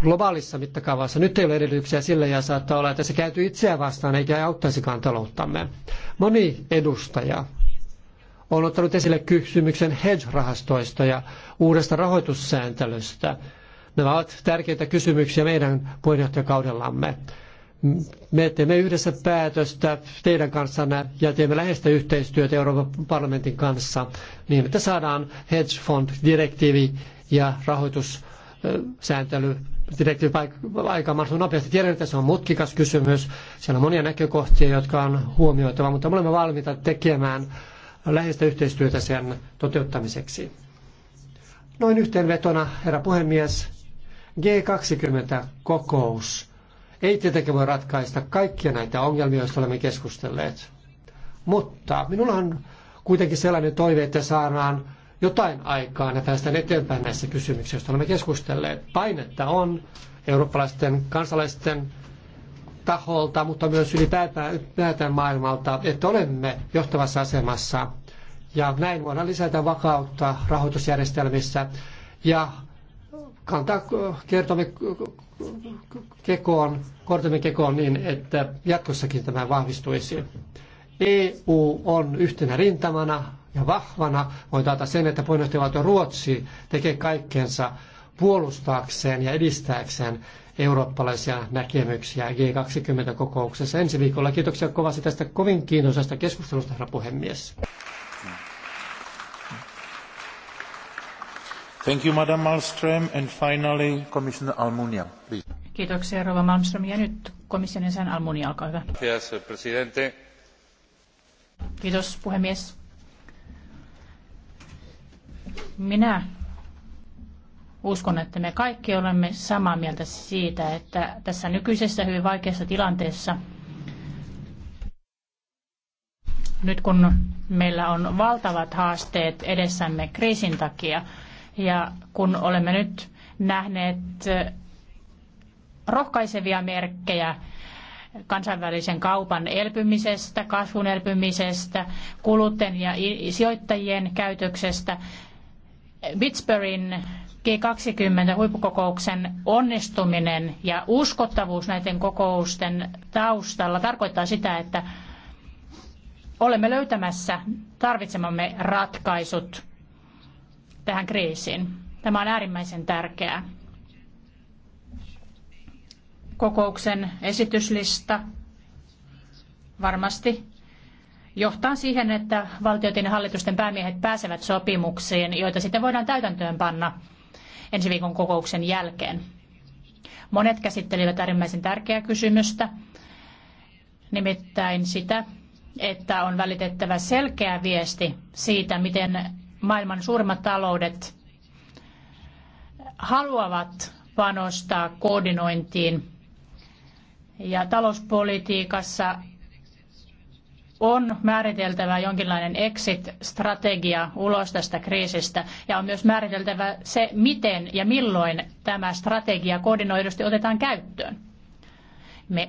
globaalissa mittakaavassa, nyt ei ole edellytyksiä sille ja saattaa olla, että se käytyy itseä vastaan eikä auttaisikaan talouttamme. Moni edustaja on ottanut esille kysymyksen hedge-rahastoista ja uudesta rahoitussääntelystä. Nämä ovat tärkeitä kysymyksiä meidän puheenjohtajakaudellamme. Me teemme yhdessä päätöstä teidän kanssanne ja teemme läheistä yhteistyötä Euroopan parlamentin kanssa niin, että saadaan hedge fund direktiivi ja rahoitussääntely direktiivi aika mahdollisimman nopeasti. Tiedän, että se on mutkikas kysymys. Siellä on monia näkökohtia, jotka on huomioitava, mutta me olemme valmiita tekemään läheistä yhteistyötä sen toteuttamiseksi. Noin yhteenvetona, herra puhemies, G20-kokous ei tietenkään voi ratkaista kaikkia näitä ongelmia, joista olemme keskustelleet. Mutta minulla on kuitenkin sellainen toive, että saadaan jotain aikaa ja päästään eteenpäin näissä kysymyksissä, joista olemme keskustelleet. Painetta on eurooppalaisten kansalaisten taholta, mutta myös ylipäätään maailmalta, että olemme johtavassa asemassa. Ja näin voidaan lisätä vakautta rahoitusjärjestelmissä ja kantaa kertomme kekoon, kortemme kekoon niin, että jatkossakin tämä vahvistuisi. EU on yhtenä rintamana ja vahvana voi taata sen, että puheenjohtajavaltio Ruotsi tekee kaikkensa puolustaakseen ja edistääkseen eurooppalaisia näkemyksiä G20-kokouksessa ensi viikolla. Kiitoksia kovasti tästä kovin kiintoisesta keskustelusta, herra puhemies. Thank you, Madam Malmström. And finally, Almunia, please. Kiitoksia, Rova Malmström. Ja nyt komission jäsen Almunia, olkaa hyvä. Kiitos, presidente. Kiitos, puhemies. Minä uskon, että me kaikki olemme samaa mieltä siitä, että tässä nykyisessä hyvin vaikeassa tilanteessa, nyt kun meillä on valtavat haasteet edessämme kriisin takia, ja kun olemme nyt nähneet rohkaisevia merkkejä kansainvälisen kaupan elpymisestä, kasvun elpymisestä, kulutten ja sijoittajien käytöksestä, Pittsburghin G20-huippukokouksen onnistuminen ja uskottavuus näiden kokousten taustalla tarkoittaa sitä, että olemme löytämässä tarvitsemamme ratkaisut tähän kriisiin. Tämä on äärimmäisen tärkeää. Kokouksen esityslista varmasti johtaa siihen, että valtioiden ja hallitusten päämiehet pääsevät sopimuksiin, joita sitten voidaan täytäntöön panna ensi viikon kokouksen jälkeen. Monet käsittelivät äärimmäisen tärkeää kysymystä, nimittäin sitä, että on välitettävä selkeä viesti siitä, miten maailman suurimmat taloudet haluavat panostaa koordinointiin. Ja talouspolitiikassa on määriteltävä jonkinlainen exit-strategia ulos tästä kriisistä ja on myös määriteltävä se, miten ja milloin tämä strategia koordinoidusti otetaan käyttöön. Me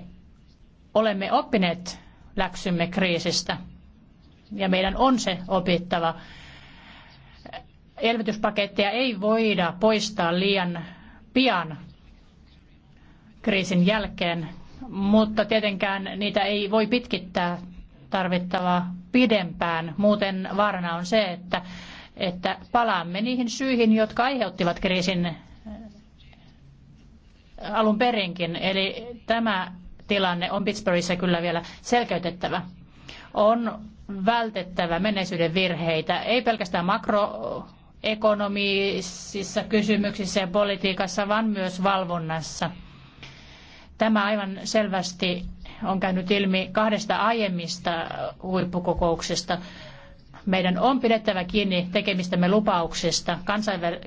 olemme oppineet läksymme kriisistä ja meidän on se opittava elvytyspaketteja ei voida poistaa liian pian kriisin jälkeen, mutta tietenkään niitä ei voi pitkittää tarvittavaa pidempään. Muuten vaarana on se, että, että palaamme niihin syihin, jotka aiheuttivat kriisin äh, alun perinkin. Eli tämä tilanne on Pittsburghissa kyllä vielä selkeytettävä. On vältettävä menneisyyden virheitä, ei pelkästään makro ekonomisissa kysymyksissä ja politiikassa, vaan myös valvonnassa. Tämä aivan selvästi on käynyt ilmi kahdesta aiemmista huippukokouksesta. Meidän on pidettävä kiinni tekemistämme lupauksista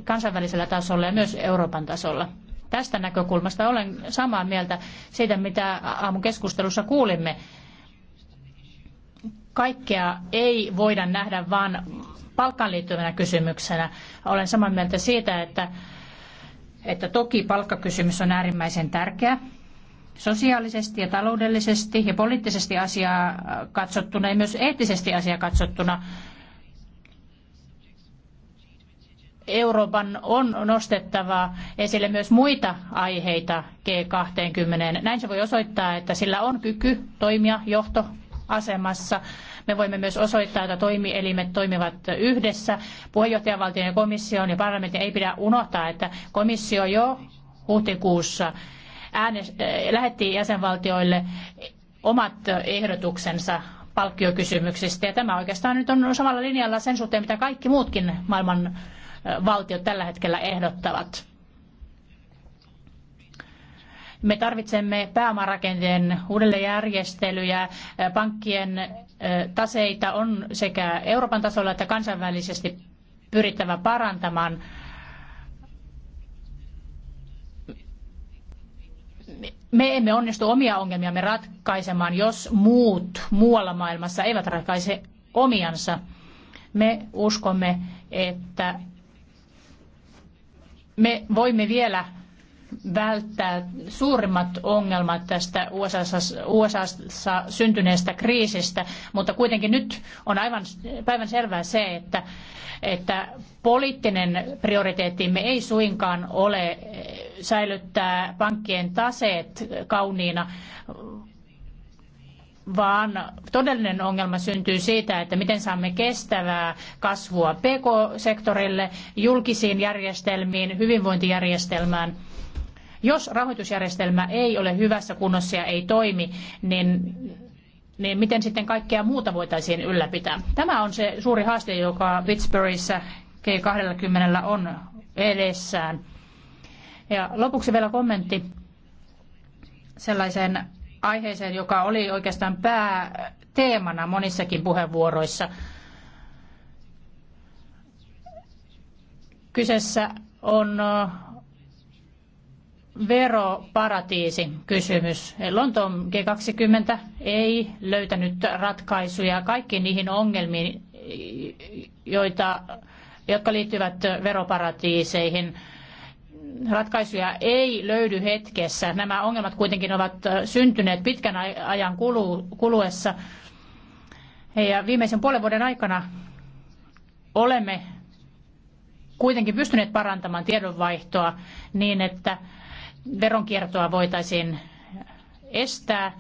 kansainvälisellä tasolla ja myös Euroopan tasolla. Tästä näkökulmasta olen samaa mieltä siitä, mitä aamukeskustelussa kuulimme. Kaikkea ei voida nähdä vain palkkaan liittyvänä kysymyksenä. Olen samaa mieltä siitä, että, että toki palkkakysymys on äärimmäisen tärkeä. Sosiaalisesti ja taloudellisesti ja poliittisesti asiaa katsottuna ja myös eettisesti asiaa katsottuna Euroopan on nostettava esille myös muita aiheita G20. Näin se voi osoittaa, että sillä on kyky toimia johtoasemassa me voimme myös osoittaa, että toimielimet toimivat yhdessä. Puheenjohtajavaltion ja komission ja parlamentin ei pidä unohtaa, että komissio jo huhtikuussa äänes, äh, lähetti jäsenvaltioille omat ehdotuksensa palkkiokysymyksistä. Ja tämä oikeastaan nyt on samalla linjalla sen suhteen, mitä kaikki muutkin maailman äh, valtiot tällä hetkellä ehdottavat. Me tarvitsemme pääomarakenteen uudelleenjärjestelyjä, pankkien taseita on sekä Euroopan tasolla että kansainvälisesti pyrittävä parantamaan. me emme onnistu omia ongelmiamme ratkaisemaan, jos muut muualla maailmassa eivät ratkaise omiansa. Me uskomme, että me voimme vielä välttää suurimmat ongelmat tästä USAssa, USAssa syntyneestä kriisistä, mutta kuitenkin nyt on aivan päivän selvää se, että, että poliittinen prioriteettimme ei suinkaan ole säilyttää pankkien taseet kauniina, vaan todellinen ongelma syntyy siitä, että miten saamme kestävää kasvua PK-sektorille, julkisiin järjestelmiin, hyvinvointijärjestelmään – jos rahoitusjärjestelmä ei ole hyvässä kunnossa ja ei toimi, niin niin miten sitten kaikkea muuta voitaisiin ylläpitää? Tämä on se suuri haaste, joka Pittsburghissa G20 on edessään. Ja lopuksi vielä kommentti sellaiseen aiheeseen, joka oli oikeastaan pääteemana monissakin puheenvuoroissa. Kyseessä on veroparatiisi kysymys. Lontoon G20 ei löytänyt ratkaisuja kaikkiin niihin ongelmiin, joita, jotka liittyvät veroparatiiseihin. Ratkaisuja ei löydy hetkessä. Nämä ongelmat kuitenkin ovat syntyneet pitkän ajan kuluessa. Ja viimeisen puolen vuoden aikana olemme kuitenkin pystyneet parantamaan tiedonvaihtoa niin, että veronkiertoa voitaisiin estää,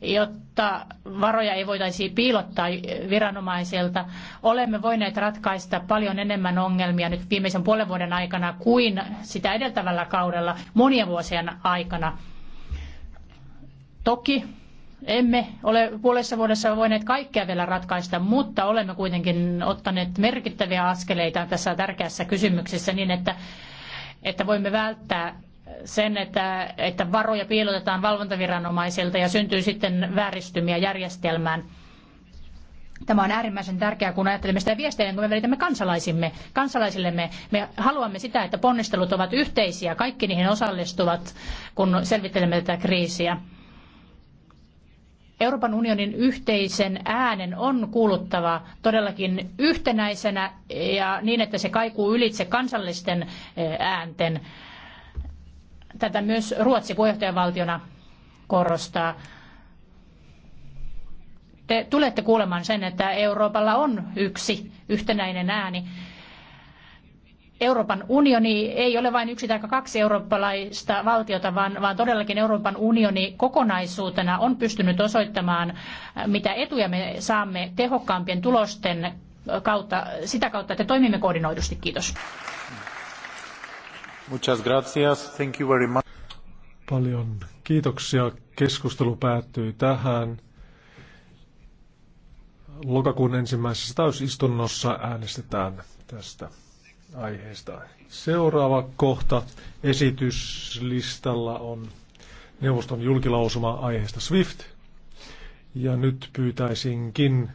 jotta varoja ei voitaisi piilottaa viranomaisilta. Olemme voineet ratkaista paljon enemmän ongelmia nyt viimeisen puolen vuoden aikana kuin sitä edeltävällä kaudella monien vuosien aikana. Toki emme ole puolessa vuodessa voineet kaikkea vielä ratkaista, mutta olemme kuitenkin ottaneet merkittäviä askeleita tässä tärkeässä kysymyksessä niin, että että voimme välttää sen, että, että varoja piilotetaan valvontaviranomaisilta ja syntyy sitten vääristymiä järjestelmään. Tämä on äärimmäisen tärkeää, kun ajattelemme sitä viestiä, jonka me välitämme kansalaisimme, kansalaisillemme. Me haluamme sitä, että ponnistelut ovat yhteisiä, kaikki niihin osallistuvat, kun selvittelemme tätä kriisiä. Euroopan unionin yhteisen äänen on kuuluttava todellakin yhtenäisenä ja niin, että se kaikuu ylitse kansallisten eh, äänten. Tätä myös Ruotsi puheenjohtajavaltiona korostaa. Te tulette kuulemaan sen, että Euroopalla on yksi yhtenäinen ääni. Euroopan unioni ei ole vain yksi tai kaksi eurooppalaista valtiota, vaan, vaan todellakin Euroopan unioni kokonaisuutena on pystynyt osoittamaan, äh, mitä etuja me saamme tehokkaampien tulosten kautta, sitä kautta, että toimimme koordinoidusti. Kiitos. Muchas gracias. Thank you very much. Paljon kiitoksia. Keskustelu päättyy tähän. Lokakuun ensimmäisessä täysistunnossa äänestetään tästä aiheesta. Seuraava kohta esityslistalla on neuvoston julkilausuma aiheesta SWIFT. Ja nyt pyytäisinkin